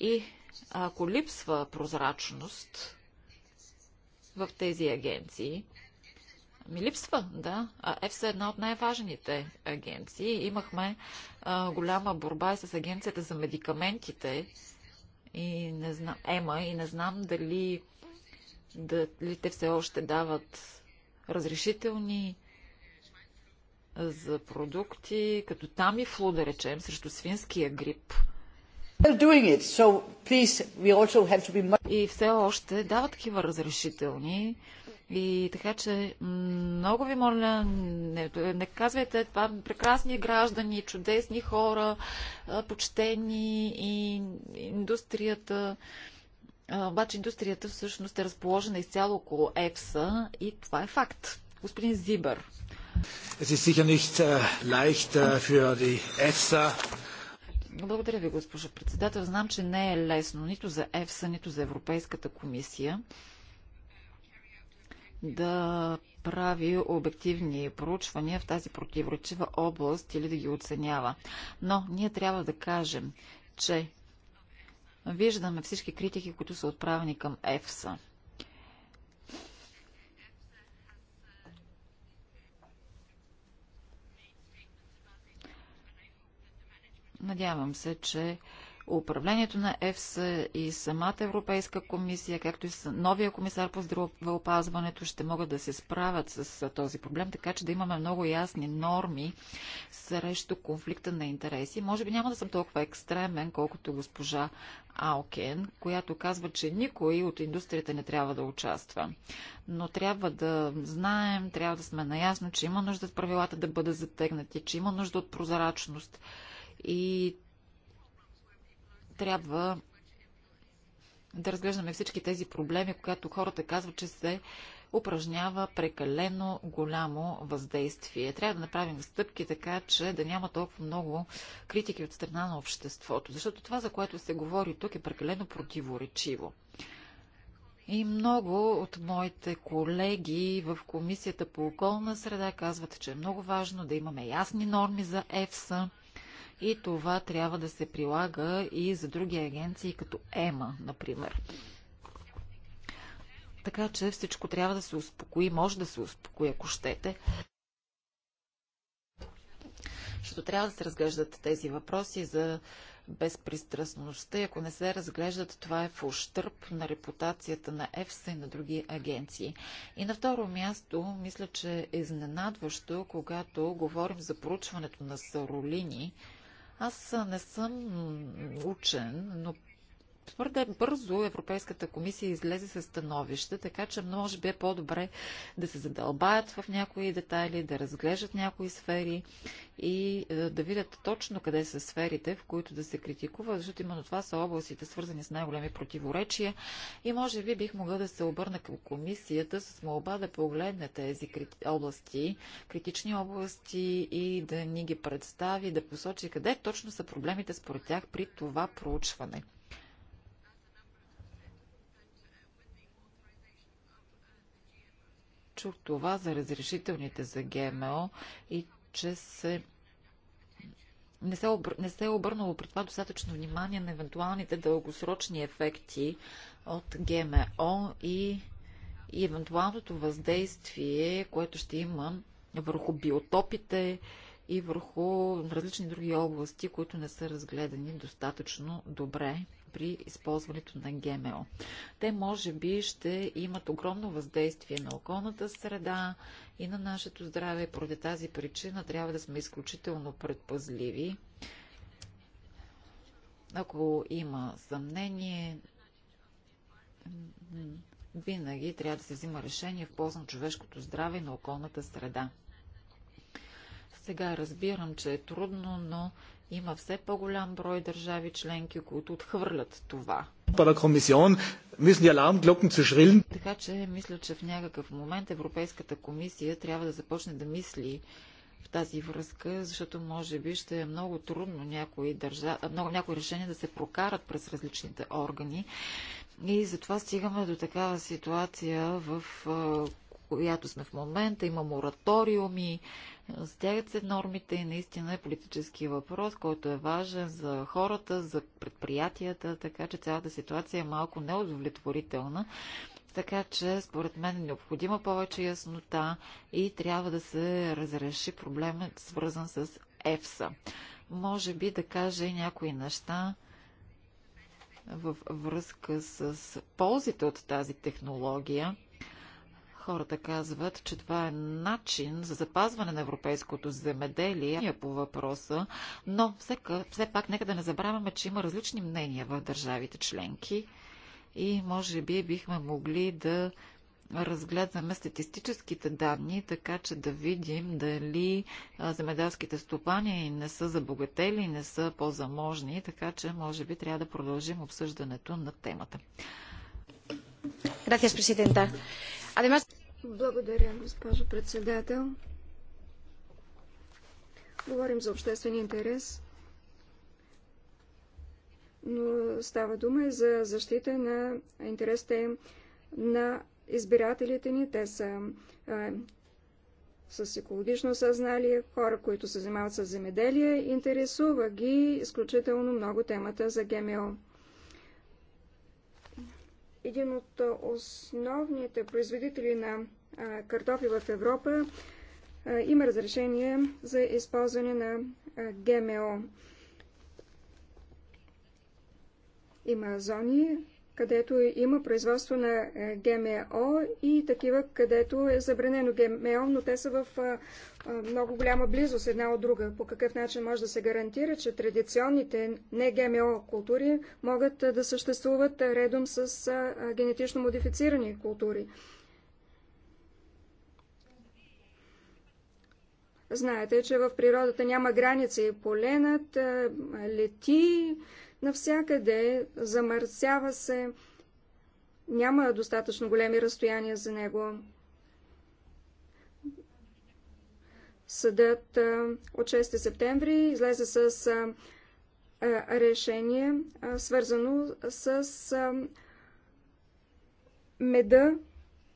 И ако липсва прозрачност в тези агенции, ми липсва, да. ЕФС е една от най-важните агенции. Имахме а, голяма борба и с агенцията за медикаментите и не знам, ЕМА и не знам дали, дали те все още дават разрешителни за продукти, като там и флу, да речем, срещу свинския грип. И все още дават такива разрешителни и така че много ви моля, не, не казвайте това. Прекрасни граждани, чудесни хора, почтени и индустрията. Обаче индустрията всъщност е разположена изцяло около ЕФСА и това е факт. Господин Зибър. Äh, äh, Благодаря ви, госпожо председател. Знам, че не е лесно нито за ЕФСА, нито за Европейската комисия да прави обективни проучвания в тази противоречива област или да ги оценява. Но ние трябва да кажем, че виждаме всички критики, които са отправени към ЕФСА. Надявам се, че управлението на ЕФС и самата Европейска комисия, както и новия комисар по здравеопазването ще могат да се справят с този проблем, така че да имаме много ясни норми срещу конфликта на интереси. Може би няма да съм толкова екстремен, колкото госпожа Алкен, която казва, че никой от индустрията не трябва да участва. Но трябва да знаем, трябва да сме наясно, че има нужда от правилата да бъдат затегнати, че има нужда от прозрачност и трябва да разглеждаме всички тези проблеми, когато хората казват, че се упражнява прекалено голямо въздействие. Трябва да направим стъпки така, че да няма толкова много критики от страна на обществото, защото това, за което се говори тук, е прекалено противоречиво. И много от моите колеги в Комисията по околна среда казват, че е много важно да имаме ясни норми за ЕФСА, и това трябва да се прилага и за други агенции, като ЕМА, например. Така че всичко трябва да се успокои, може да се успокои, ако щете. Защото трябва да се разглеждат тези въпроси за безпристрастността и ако не се разглеждат, това е в ущърп на репутацията на ЕФСА и на други агенции. И на второ място, мисля, че е изненадващо, когато говорим за проучването на саролини, аз не съм учен, но твърде бързо Европейската комисия излезе с становище, така че може би е по-добре да се задълбаят в някои детайли, да разглеждат някои сфери и е, да видят точно къде са сферите, в които да се критикува, защото именно това са областите, свързани с най-големи противоречия. И може би бих могъл да се обърна към комисията с молба да погледне тези области, критични области и да ни ги представи, да посочи къде точно са проблемите според тях при това проучване. чух това за разрешителните за ГМО и че се не се, обр... не се е обърнало при това достатъчно внимание на евентуалните дългосрочни ефекти от ГМО и, и евентуалното въздействие, което ще има върху биотопите и върху различни други области, които не са разгледани достатъчно добре при използването на ГМО. Те може би ще имат огромно въздействие на околната среда и на нашето здраве. Поради тази причина трябва да сме изключително предпазливи. Ако има съмнение, винаги трябва да се взима решение в полза на човешкото здраве и на околната среда. Сега разбирам, че е трудно, но има все по-голям брой държави членки, които отхвърлят това. Така че мисля, че в някакъв момент Европейската комисия трябва да започне да мисли в тази връзка, защото може би ще е много трудно някои, държа... много, някои решения да се прокарат през различните органи. И затова стигаме до такава ситуация, в която сме в момента. Има мораториуми, Стягат се нормите и наистина е политически въпрос, който е важен за хората, за предприятията, така че цялата ситуация е малко неудовлетворителна. Така че, според мен, е необходима повече яснота и трябва да се разреши проблемът, свързан с ЕФСА. Може би да каже и някои неща във връзка с ползите от тази технология – Хората казват, че това е начин за запазване на европейското земеделие е по въпроса, но всека, все пак нека да не забравяме, че има различни мнения в държавите членки и може би бихме могли да разгледаме статистическите данни, така че да видим дали земеделските стопани не са забогатели, не са по-заможни, така че може би трябва да продължим обсъждането на темата. Gracias, Presidenta. Además... Благодаря, госпожо председател. Говорим за обществен интерес, но става дума и за защита на интересите на избирателите ни. Те са е, с екологично съзнание, хора, които се занимават с земеделие. Интересува ги изключително много темата за ГМО един от основните производители на картофи в Европа има разрешение за използване на ГМО. Има зони, където има производство на е, ГМО и такива, където е забранено ГМО, но те са в е, е, много голяма близост една от друга. По какъв начин може да се гарантира, че традиционните не ГМО култури могат да съществуват редом с генетично модифицирани култури? Знаете, че в природата няма граници. Поленът лети, навсякъде, замърсява се, няма достатъчно големи разстояния за него. Съдът от 6 септември излезе с решение, свързано с меда,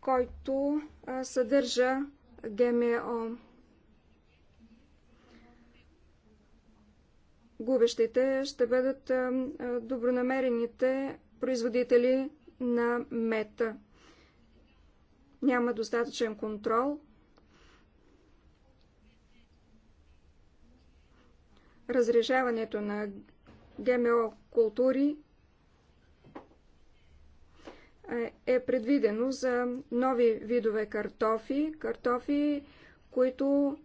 който съдържа ГМО. губещите ще бъдат добронамерените производители на мета. Няма достатъчен контрол. Разрешаването на ГМО култури е предвидено за нови видове картофи, картофи, които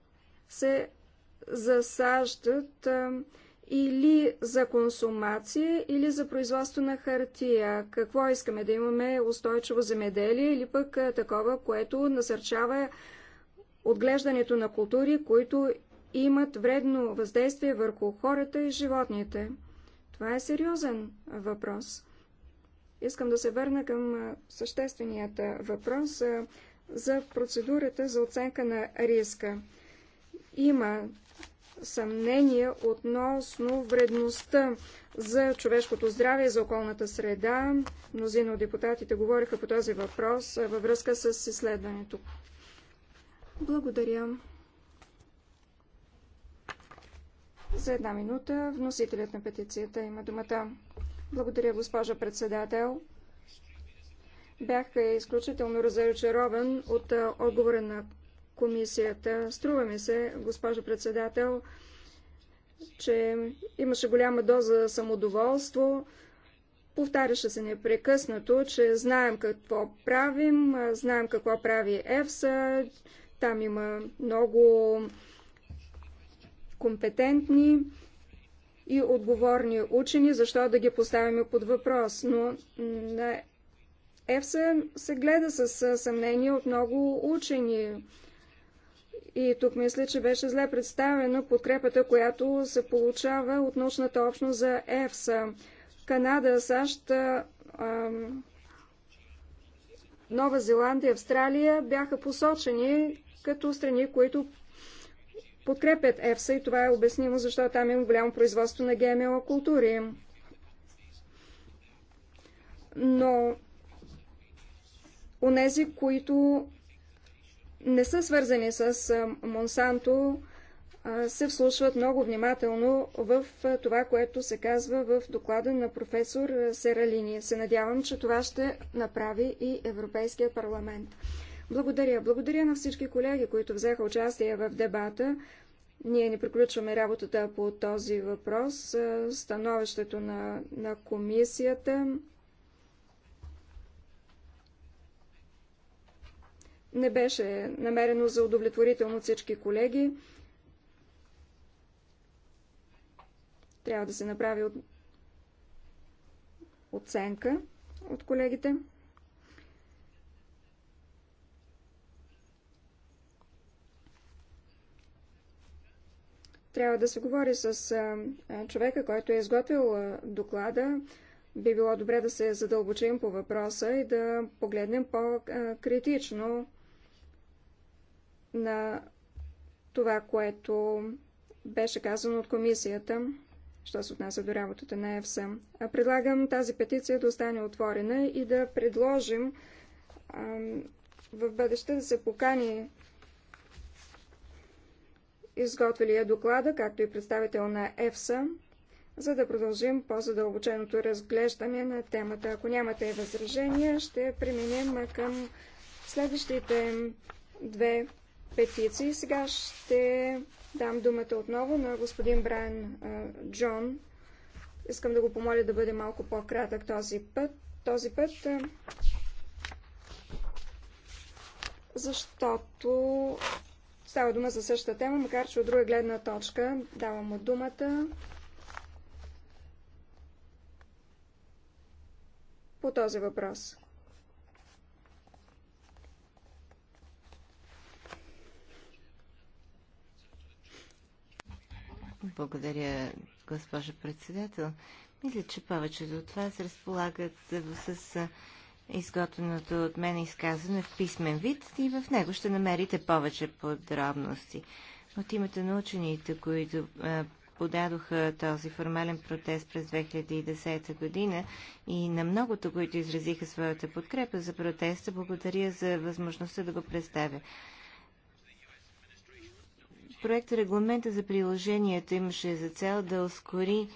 се засаждат или за консумация, или за производство на хартия. Какво искаме да имаме устойчиво земеделие или пък такова, което насърчава отглеждането на култури, които имат вредно въздействие върху хората и животните. Това е сериозен въпрос. Искам да се върна към същественият въпрос за процедурата за оценка на риска. Има съмнения относно вредността за човешкото здраве и за околната среда. Мнозина от депутатите говориха по този въпрос във връзка с изследването. Благодаря. За една минута вносителят на петицията има думата. Благодаря, госпожа председател. Бях изключително разочарован от отговора на комисията. Струва ми се, госпожо председател, че имаше голяма доза самодоволство. Повтаряше се непрекъснато, че знаем какво правим, знаем какво прави ЕФСА, там има много компетентни и отговорни учени, защо да ги поставяме под въпрос. Но на ЕФСА се гледа с съмнение от много учени. И тук мисля, че беше зле представена подкрепата, която се получава от научната общност за ЕФСА. Канада, САЩ, Нова Зеландия, Австралия бяха посочени като страни, които подкрепят ЕФСА и това е обяснимо, защото там има голямо производство на ГМО култури. Но онези, които не са свързани с Монсанто, се вслушват много внимателно в това, което се казва в доклада на професор Сералини. Се надявам, че това ще направи и Европейския парламент. Благодаря. Благодаря на всички колеги, които взеха участие в дебата. Ние не приключваме работата по този въпрос. Становището на, на комисията не беше намерено за удовлетворително всички колеги. Трябва да се направи от... оценка от колегите. Трябва да се говори с човека, който е изготвил доклада, би било добре да се задълбочим по въпроса и да погледнем по-критично на това, което беше казано от комисията, що се отнася до работата на ЕФСА. Предлагам тази петиция да остане отворена и да предложим в бъдеще да се покани изготвилия доклада, както и представител на ЕФСА, за да продължим по-задълбоченото разглеждане на темата. Ако нямате възражения, ще преминем към следващите две петиции. Сега ще дам думата отново на господин Брайан Джон. Искам да го помоля да бъде малко по-кратък този път. Този път защото става дума за същата тема, макар че от друга гледна точка давам му думата. По този въпрос. Благодаря, госпожо председател. Мисля, че повечето от вас разполагат с изготвеното от мен изказване в писмен вид и в него ще намерите повече подробности. От името на учените, които подадоха този формален протест през 2010 година и на многото, които изразиха своята подкрепа за протеста, благодаря за възможността да го представя проект регламента за приложението имаше за цел да ускори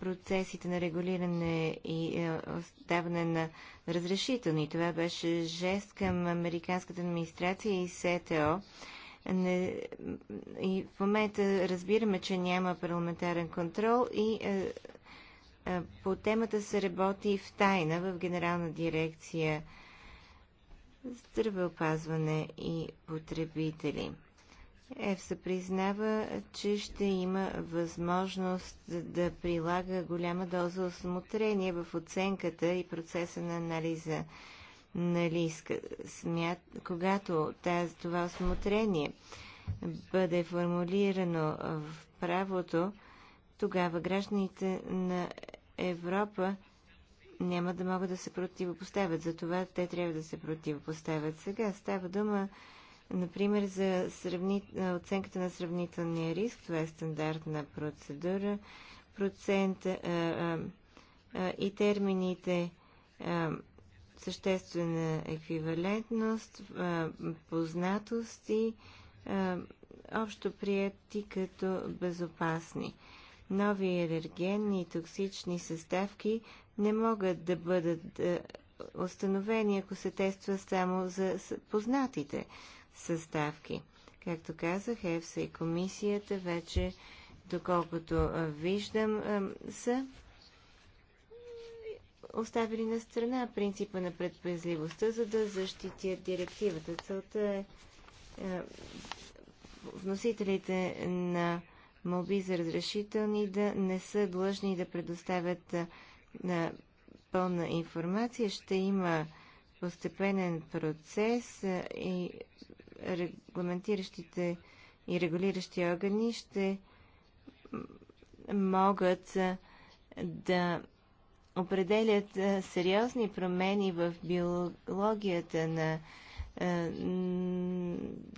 процесите на регулиране и оставане даване на разрешителни. Това беше жест към Американската администрация и СТО. Не, и в момента разбираме, че няма парламентарен контрол и а, а, по темата се работи в тайна в Генерална дирекция здравеопазване и потребители. ЕФСА признава, че ще има възможност да прилага голяма доза осмотрение в оценката и процеса на анализа на Смят, когато тази, това осмотрение бъде формулирано в правото, тогава гражданите на Европа няма да могат да се противопоставят. Затова те трябва да се противопоставят. Сега става дума Например, за сравни... оценката на сравнителния риск, това е стандартна процедура, процент а, а, и термините а, съществена еквивалентност, а, познатост и а, общо прияти като безопасни. Нови алергенни и токсични съставки не могат да бъдат установени, ако се тества само за познатите съставки. Както казах, ЕФСА и комисията вече, доколкото виждам, са оставили на страна принципа на предпазливостта, за да защитят директивата. Целта е, вносителите на молби за разрешителни да не са длъжни да предоставят на пълна информация. Ще има постепенен процес и регламентиращите и регулиращи органи ще могат да определят сериозни промени в биологията на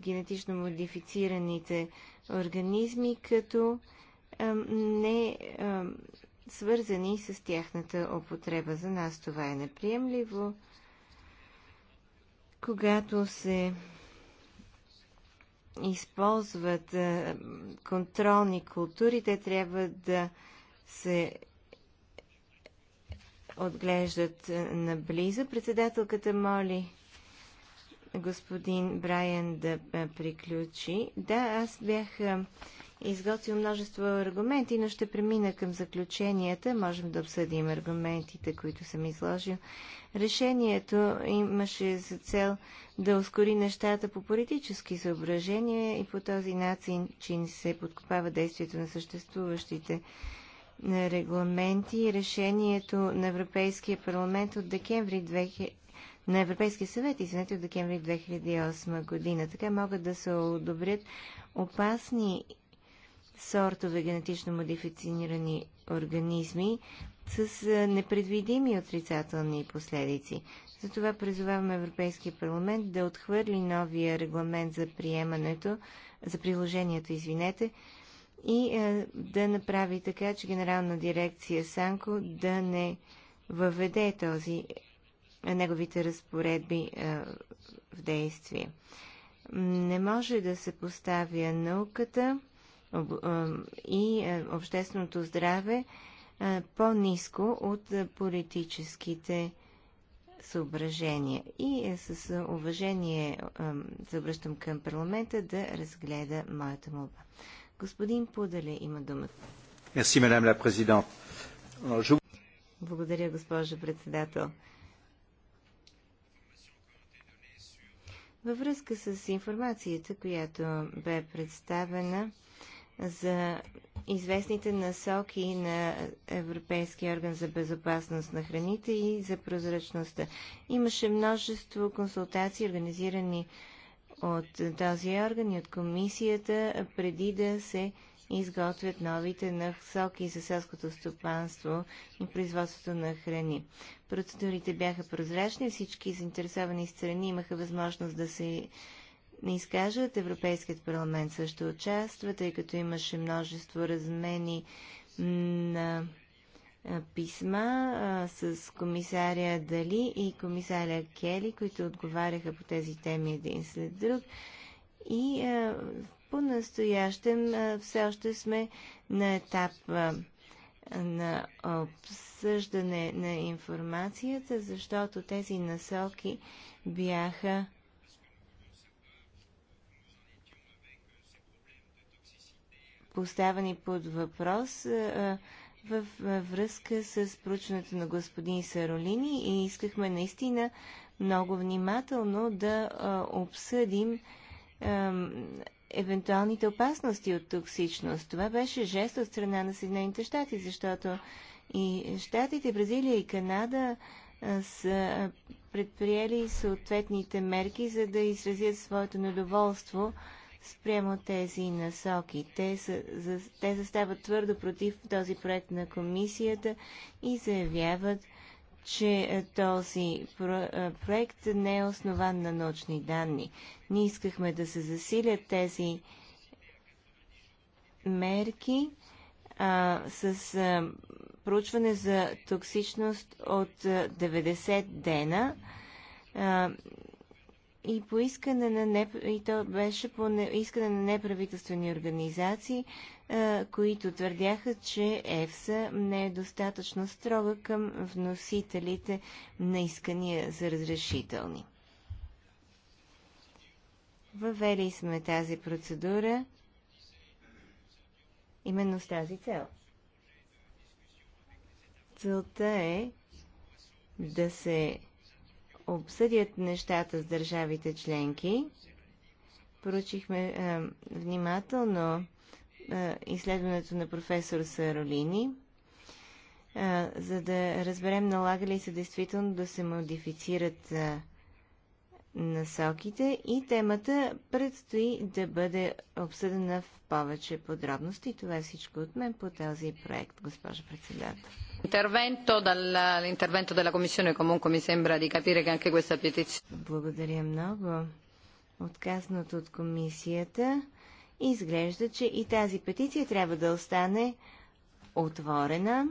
генетично модифицираните организми, като не свързани с тяхната употреба. За нас това е неприемливо. Когато се използват е, контролни култури, те трябва да се отглеждат е, наблизо. Председателката моли господин Брайан да е, приключи. Да, аз бях изготвил множество аргументи, но ще премина към заключенията. Можем да обсъдим аргументите, които съм изложил. Решението имаше за цел да ускори нещата по политически съображения и по този начин чин се подкопава действието на съществуващите регламенти. Решението на Европейския парламент от декември 2000 на Европейския съвет, извинете, от декември 2008 година. Така могат да се одобрят опасни сортове генетично модифицирани организми с непредвидими отрицателни последици. Затова призоваваме Европейския парламент да отхвърли новия регламент за приемането, за приложението, извинете, и да направи така, че Генерална дирекция Санко да не въведе този, неговите разпоредби в действие. Не може да се поставя науката и общественото здраве по-низко от политическите съображения. И е, с уважение се обръщам към парламента да разгледа моята молба. Господин Пудале има думата. Merci, madame la euh, Je... Благодаря, госпожа председател. Във връзка с информацията, която бе представена за известните насоки на Европейския орган за безопасност на храните и за прозрачността. Имаше множество консултации, организирани от този орган и от комисията, преди да се изготвят новите насоки за селското стопанство и производството на храни. Процедурите бяха прозрачни, всички заинтересовани страни имаха възможност да се изкажат. Европейският парламент също участва, тъй като имаше множество размени на писма а, с комисаря Дали и комисаря Кели, които отговаряха по тези теми един след друг. И а, по-настоящем а, все още сме на етап на обсъждане на информацията, защото тези насоки бяха поставени под въпрос в връзка с проучването на господин Саролини и искахме наистина много внимателно да обсъдим евентуалните опасности от токсичност. Това беше жест от страна на Съединените щати, защото и щатите, Бразилия и Канада са предприели съответните мерки, за да изразят своето недоволство спрямо тези насоки. Те, са, за, те застават твърдо против този проект на комисията и заявяват, че е, този е, проект не е основан на научни данни. Ние искахме да се засилят тези мерки а, с а, е, проучване за токсичност от а, 90 дена. А, и по искане на не, и то беше по не, искане на неправителствени организации, а, които твърдяха, че ЕФСА не е достатъчно строга към вносителите на искания за разрешителни. Въвели сме тази процедура именно с тази цел. Целта е да се обсъдят нещата с държавите членки. Поручихме е, внимателно е, изследването на професор Саролини, е, за да разберем налага ли се действително да се модифицират е, насоките и темата предстои да бъде обсъдена в повече подробности. Това е всичко от мен по този проект, госпожа председател. l'intervento della Commissione comunque mi sembra di capire che anche questa petizione... Благодаря много. Отказното от комисията изглежда, че и тази петиция трябва да остане отворена.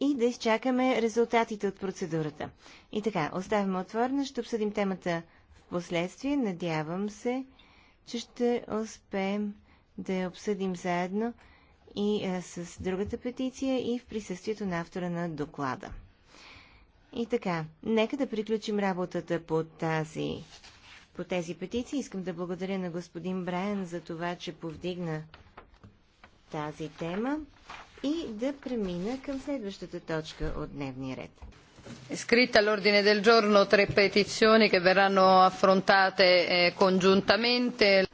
и да изчакаме резултатите от процедурата. И така, оставяме отворена, ще обсъдим темата в последствие. Надявам се, че ще успеем да я обсъдим заедно и а, с другата петиция и в присъствието на автора на доклада. И така, нека да приключим работата по тази по тези петиции. Искам да благодаря на господин Брайан за това, че повдигна тази тема и да премина към следващата точка от дневния ред. Iscritta all'ordine del giorno tre petizioni che verranno affrontate eh, congiuntamente.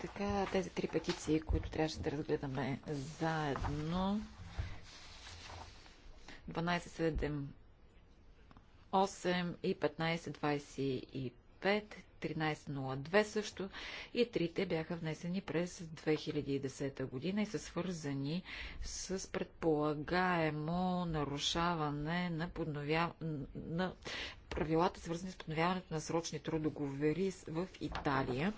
Така, тези три петиции, които трябваше да разгледаме заедно. 12.7, 8 и 15.25. 1302 също и трите бяха внесени през 2010 година и са свързани с предполагаемо нарушаване на, подновя... на правилата, свързани с подновяването на срочни трудоговери в Италия.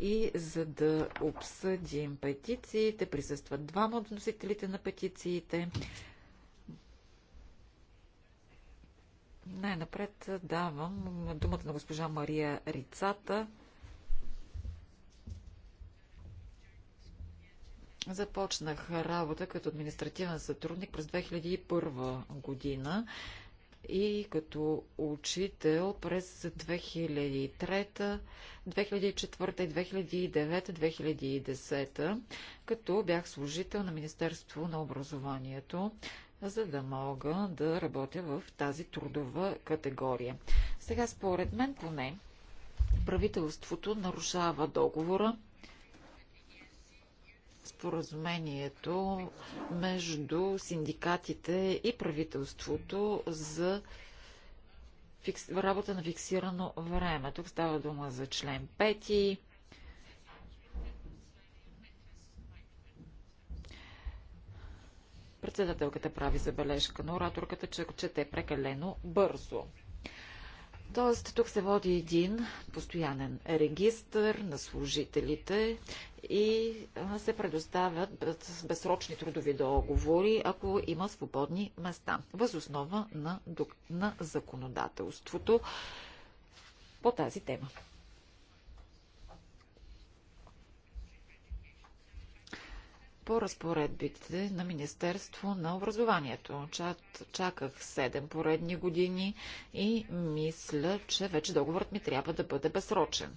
И за да обсъдим петициите, присъстват двама от носителите на петициите. Най-напред давам думата на госпожа Мария Рицата. Започнах работа като административен сътрудник през 2001 година и като учител през 2003, 2004, 2009, 2010, като бях служител на Министерство на образованието за да мога да работя в тази трудова категория. Сега, според мен поне, правителството нарушава договора, споразумението между синдикатите и правителството за фикс... работа на фиксирано време. Тук става дума за член Председателката прави забележка на ораторката, че чете прекалено бързо. Тоест, тук се води един постоянен регистр на служителите и се предоставят безсрочни трудови договори, ако има свободни места, възоснова на, на законодателството по тази тема. по разпоредбите на Министерство на образованието. Чаках 7 поредни години и мисля, че вече договорът ми трябва да бъде безсрочен.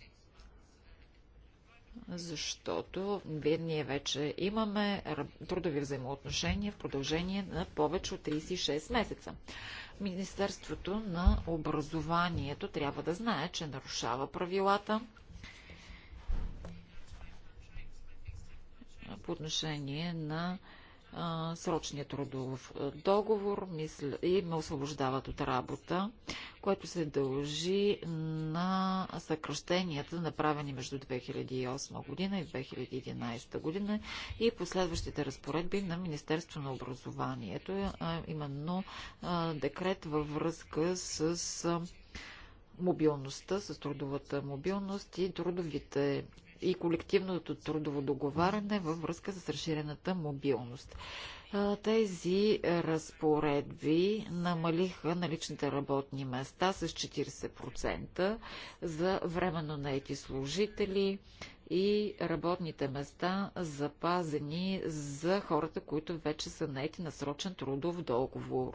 Защото ние вече имаме трудови взаимоотношения в продължение на повече от 36 месеца. Министерството на образованието трябва да знае, че нарушава правилата по отношение на а, срочния трудов договор мисля, и ме освобождават от работа, което се дължи на съкръщенията, направени между 2008 година и 2011 година и последващите разпоредби на Министерство на образованието, а, именно а, декрет във връзка с мобилността, с трудовата мобилност и трудовите и колективното трудово договаряне във връзка с разширената мобилност. Тези разпоредби намалиха наличните работни места с 40% за временно наети служители и работните места запазени за хората, които вече са наети на срочен трудов договор.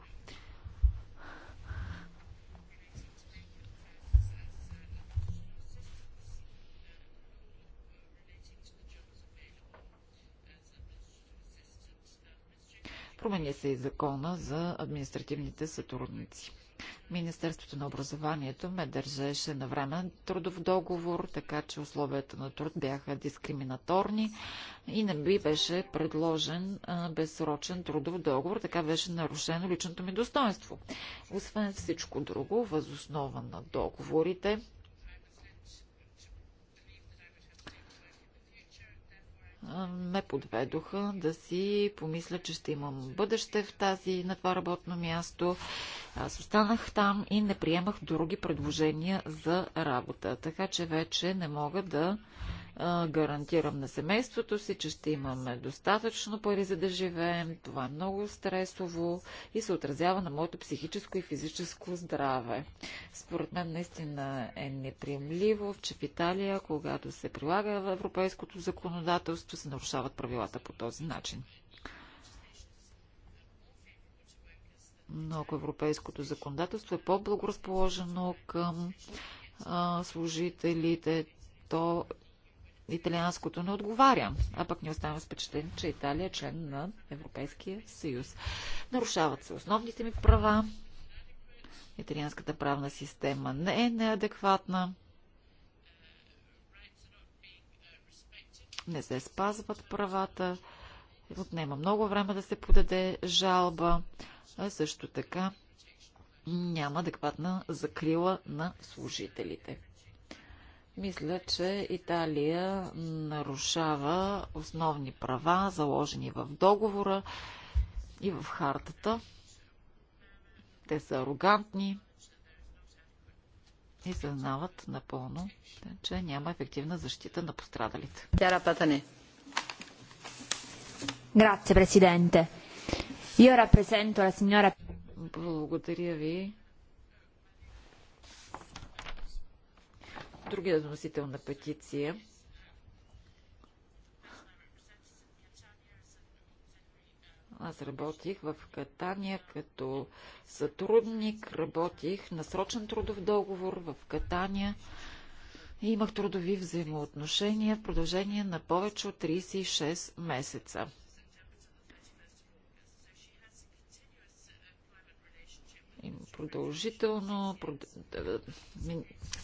Променя се и закона за административните сътрудници. Министерството на образованието ме държеше на време трудов договор, така че условията на труд бяха дискриминаторни и не би беше предложен безсрочен трудов договор, така беше нарушено личното ми достоинство. Освен всичко друго, възоснова на договорите, ме подведоха да си помисля, че ще имам бъдеще в тази, на това работно място. Аз останах там и не приемах други предложения за работа. Така че вече не мога да гарантирам на семейството си, че ще имаме достатъчно пари за да живеем. Това е много стресово и се отразява на моето психическо и физическо здраве. Според мен наистина е неприемливо, че в Италия, когато се прилага в европейското законодателство, се нарушават правилата по този начин. Но ако европейското законодателство е по-благоразположено към а, служителите, то италианското не отговаря. А пък ни с впечатление, че Италия е член на Европейския съюз. Нарушават се основните ми права. Италианската правна система не е неадекватна. Не се спазват правата. Отнема много време да се подаде жалба. А също така няма адекватна закрила на служителите. Мисля, че Италия нарушава основни права, заложени в договора и в хартата. Те са арогантни и съзнават напълно, че няма ефективна защита на пострадалите. Тяра Патане. Грация, президенте. Благодаря ви. другия вносител на петиция. Аз работих в Катания като сътрудник, работих на срочен трудов договор в Катания и имах трудови взаимоотношения в продължение на повече от 36 месеца. продължително. Е,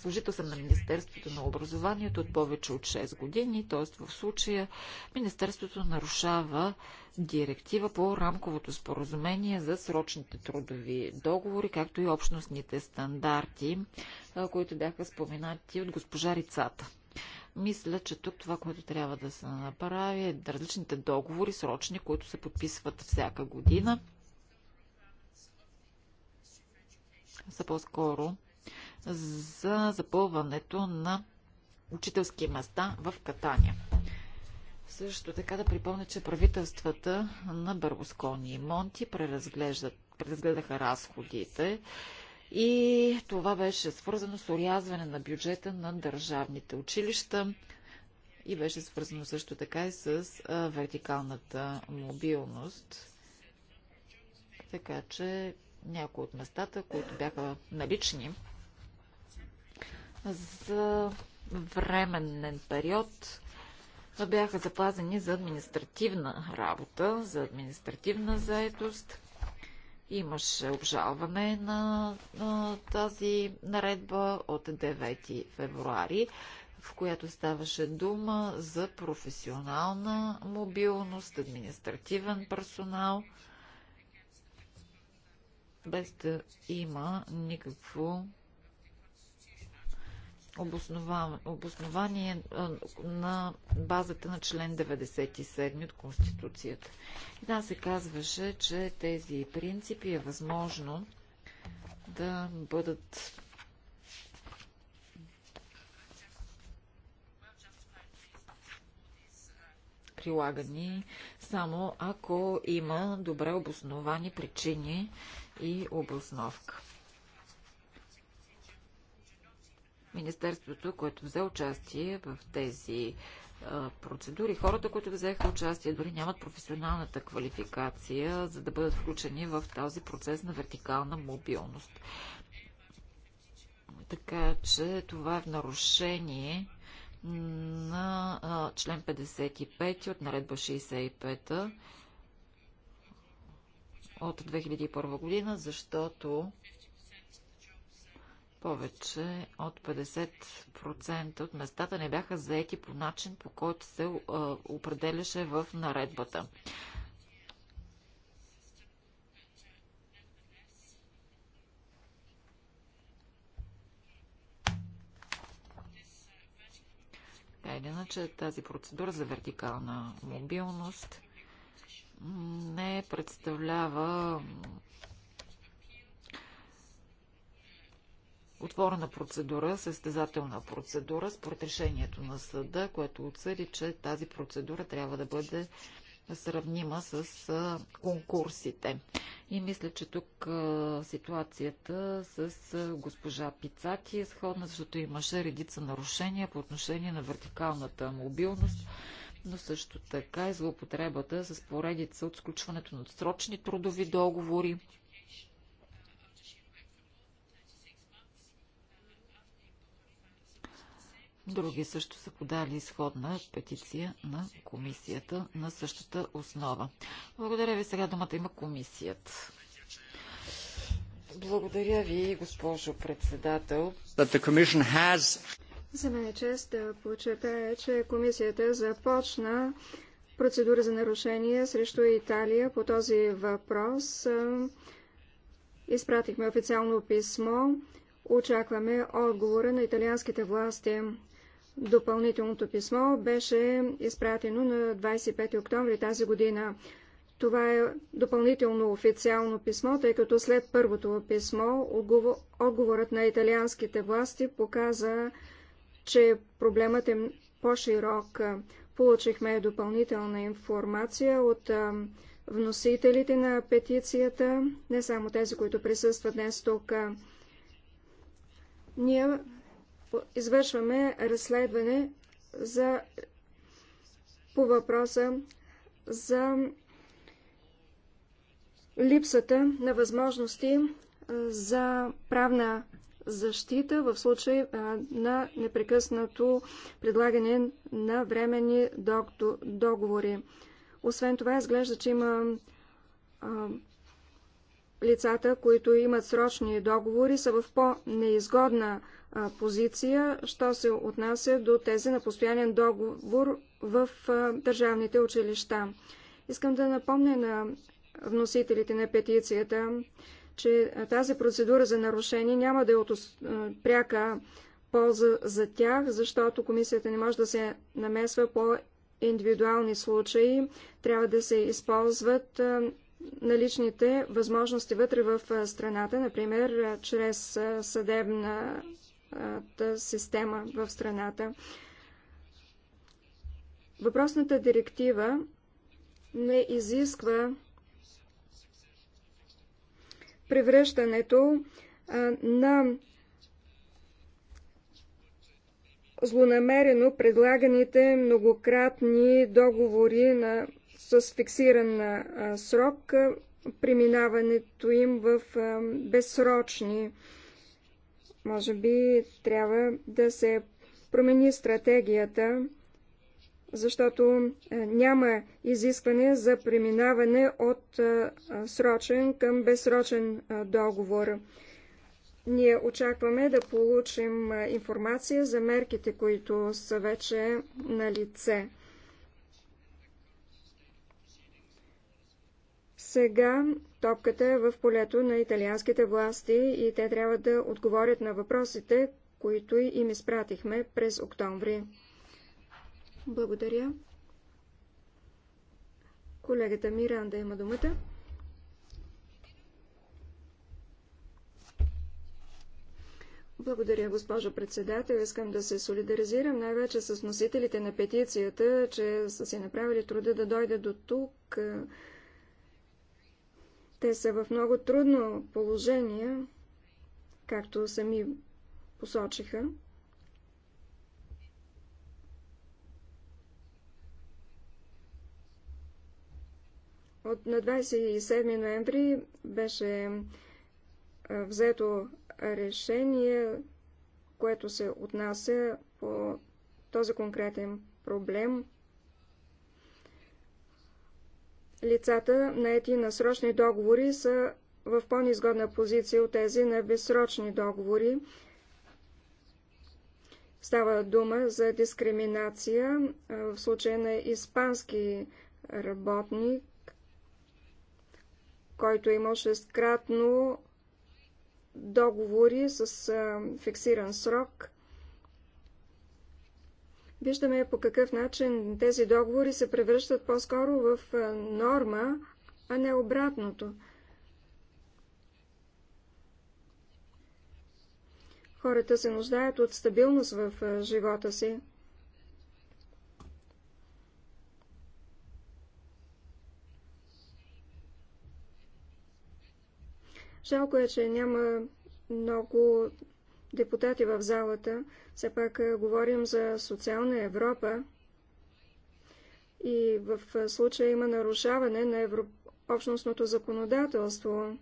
служител съм на Министерството на образованието от повече от 6 години, т.е. в случая Министерството нарушава директива по рамковото споразумение за срочните трудови договори, както и общностните стандарти, е, които бяха споменати от госпожа Рицата. Мисля, че тук това, което трябва да се направи е различните договори, срочни, които се подписват всяка година, са по-скоро за запълването на учителски места в Катания. Също така да припомня, че правителствата на Бърбоскони и Монти преразгледаха разходите и това беше свързано с урязване на бюджета на държавните училища и беше свързано също така и с вертикалната мобилност. Така че някои от местата, които бяха налични за временен период бяха запазени за административна работа, за административна заедост. Имаше обжалване на, на тази наредба от 9 февруари, в която ставаше дума за професионална мобилност, административен персонал – без да има никакво обоснование на базата на член 97 от Конституцията. И там се казваше, че тези принципи е възможно да бъдат прилагани само ако има добре обосновани причини и обосновка. Министерството, което взе участие в тези процедури. Хората, които взеха участие, дори нямат професионалната квалификация, за да бъдат включени в този процес на вертикална мобилност. Така че това е в нарушение на член 55 от наредба 65 от 2001 година, защото повече от 50% от местата не бяха заети по начин, по който се определяше в наредбата. иначе, тази процедура за вертикална мобилност не представлява отворена процедура, състезателна процедура, според решението на съда, което отсъди, че тази процедура трябва да бъде сравнима с конкурсите. И мисля, че тук ситуацията с госпожа Пицати е сходна, защото имаше редица нарушения по отношение на вертикалната мобилност но също така и злоупотребата с поредица от сключването на отсрочни трудови договори. Други също са подали изходна петиция на комисията на същата основа. Благодаря ви. Сега думата има комисията. Благодаря ви, госпожо председател. Has... За мен е чест да подчертая, че комисията започна процедура за нарушение срещу Италия по този въпрос. Изпратихме официално писмо. Очакваме отговора на италианските власти. Допълнителното писмо беше изпратено на 25 октомври тази година. Това е допълнително официално писмо, тъй като след първото писмо отговорът на италианските власти показа, че проблемът е по-широк. Получихме допълнителна информация от вносителите на петицията, не само тези, които присъстват днес тук. Ние извършваме разследване за, по въпроса за липсата на възможности за правна защита в случай на непрекъснато предлагане на временни договори. Освен това, изглежда, че има лицата, които имат срочни договори, са в по-неизгодна позиция, що се отнася до тези на постоянен договор в държавните училища. Искам да напомня на вносителите на петицията, че тази процедура за нарушение няма да е от пряка полза за тях, защото комисията не може да се намесва по индивидуални случаи. Трябва да се използват наличните възможности вътре в страната, например, чрез съдебната система в страната. Въпросната директива не изисква превръщането на злонамерено предлаганите многократни договори на, с фиксиран а, срок, а, преминаването им в а, безсрочни. Може би трябва да се промени стратегията защото е, няма изискване за преминаване от е, срочен към безсрочен е, договор. Ние очакваме да получим информация за мерките, които са вече на лице. Сега топката е в полето на италианските власти и те трябва да отговорят на въпросите, които им изпратихме през октомври. Благодаря. Колегата Миранда има думата. Благодаря, госпожо председател. Искам да се солидаризирам най-вече с носителите на петицията, че са си направили труда да дойде до тук. Те са в много трудно положение, както сами посочиха. От, на 27 ноември беше взето решение, което се отнася по този конкретен проблем. Лицата, наети на срочни договори, са в по-низгодна позиция от тези на безсрочни договори. Става дума за дискриминация в случая на испански работник, който има скратно договори с фиксиран срок. Виждаме по какъв начин тези договори се превръщат по-скоро в норма, а не обратното. Хората се нуждаят от стабилност в живота си. Жалко е, че няма много депутати в залата. Все пак е, говорим за социална Европа. И в е, случая има нарушаване на евро... общностното законодателство.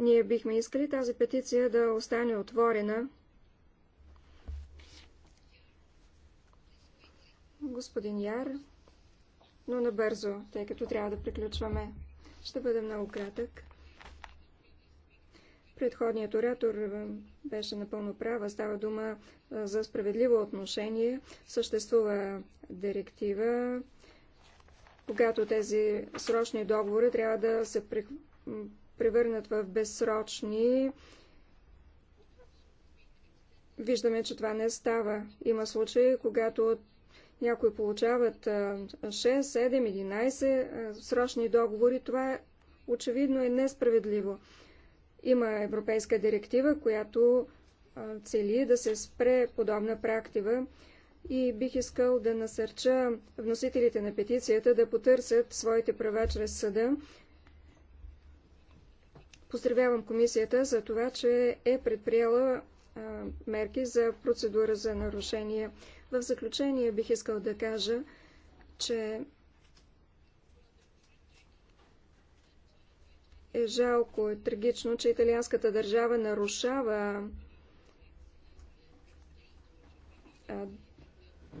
Ние бихме искали тази петиция да остане отворена. Господин Яр, но набързо, тъй като трябва да приключваме. Ще бъде много кратък. Предходният оратор е, беше напълно права. Става дума е, за справедливо отношение. Съществува директива, когато тези срочни договори трябва да се превърнат в безсрочни. Виждаме, че това не става. Има случаи, когато някои получават 6, 7, 11 срочни договори. Това очевидно е несправедливо. Има европейска директива, която цели да се спре подобна практика и бих искал да насърча вносителите на петицията да потърсят своите права чрез съда. Поздравявам комисията за това, че е предприела мерки за процедура за нарушение. В заключение бих искал да кажа, че е жалко, е трагично, че италианската държава нарушава а,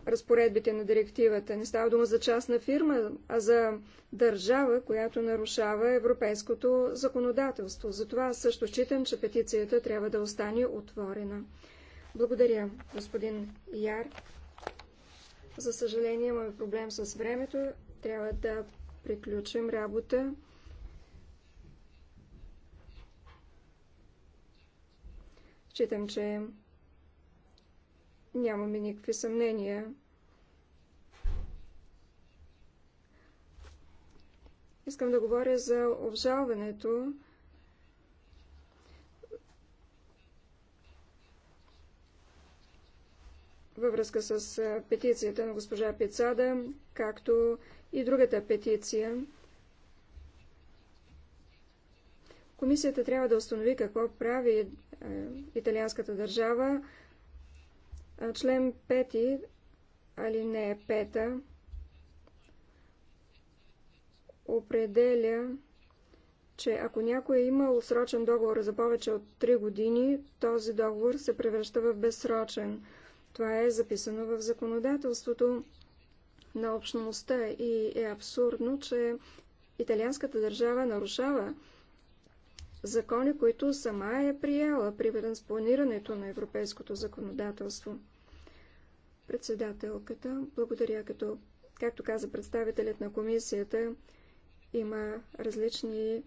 разпоредбите на директивата. Не става дума за частна фирма, а за държава, която нарушава европейското законодателство. Затова също считам, че петицията трябва да остане отворена. Благодаря, господин Яр. За съжаление имаме проблем с времето. Трябва да приключим работа. Считам, че нямаме никакви съмнения. Искам да говоря за обжалването. във връзка с петицията на госпожа Пицада, както и другата петиция. Комисията трябва да установи какво прави е, италианската държава. Член 5, алинея 5, определя, че ако някой е имал срочен договор за повече от 3 години, този договор се превръща в безсрочен. Това е записано в законодателството на общността и е абсурдно, че италианската държава нарушава закони, които сама е приела при транспонирането на европейското законодателство. Председателката, благодаря като, както каза представителят на комисията, има различни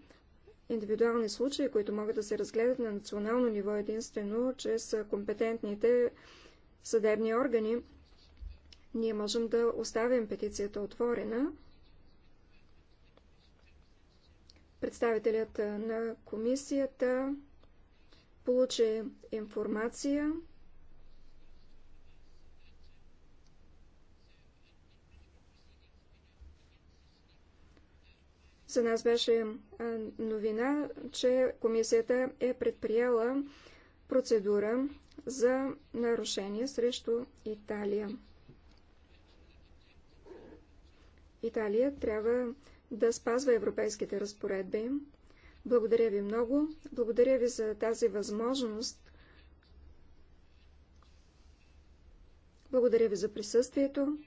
индивидуални случаи, които могат да се разгледат на национално ниво единствено, чрез компетентните съдебни органи. Ние можем да оставим петицията отворена, Представителят на комисията получи информация За нас беше новина, че комисията е предприела процедура за нарушение срещу Италия. Италия трябва да спазва европейските разпоредби. Благодаря ви много. Благодаря ви за тази възможност. Благодаря ви за присъствието.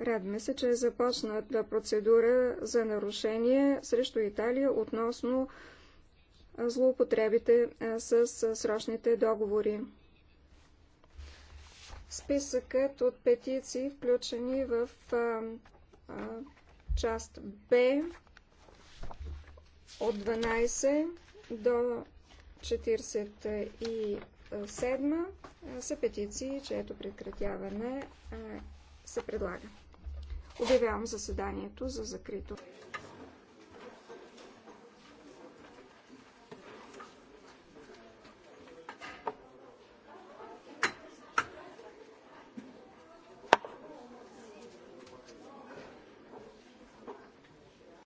Радваме се, че е започната процедура за нарушение срещу Италия относно злоупотребите с срочните договори списъкът от петиции, включени в а, а, част Б от 12 до 47 са петиции, чието прекратяване се предлага. Обявявам заседанието за закрито.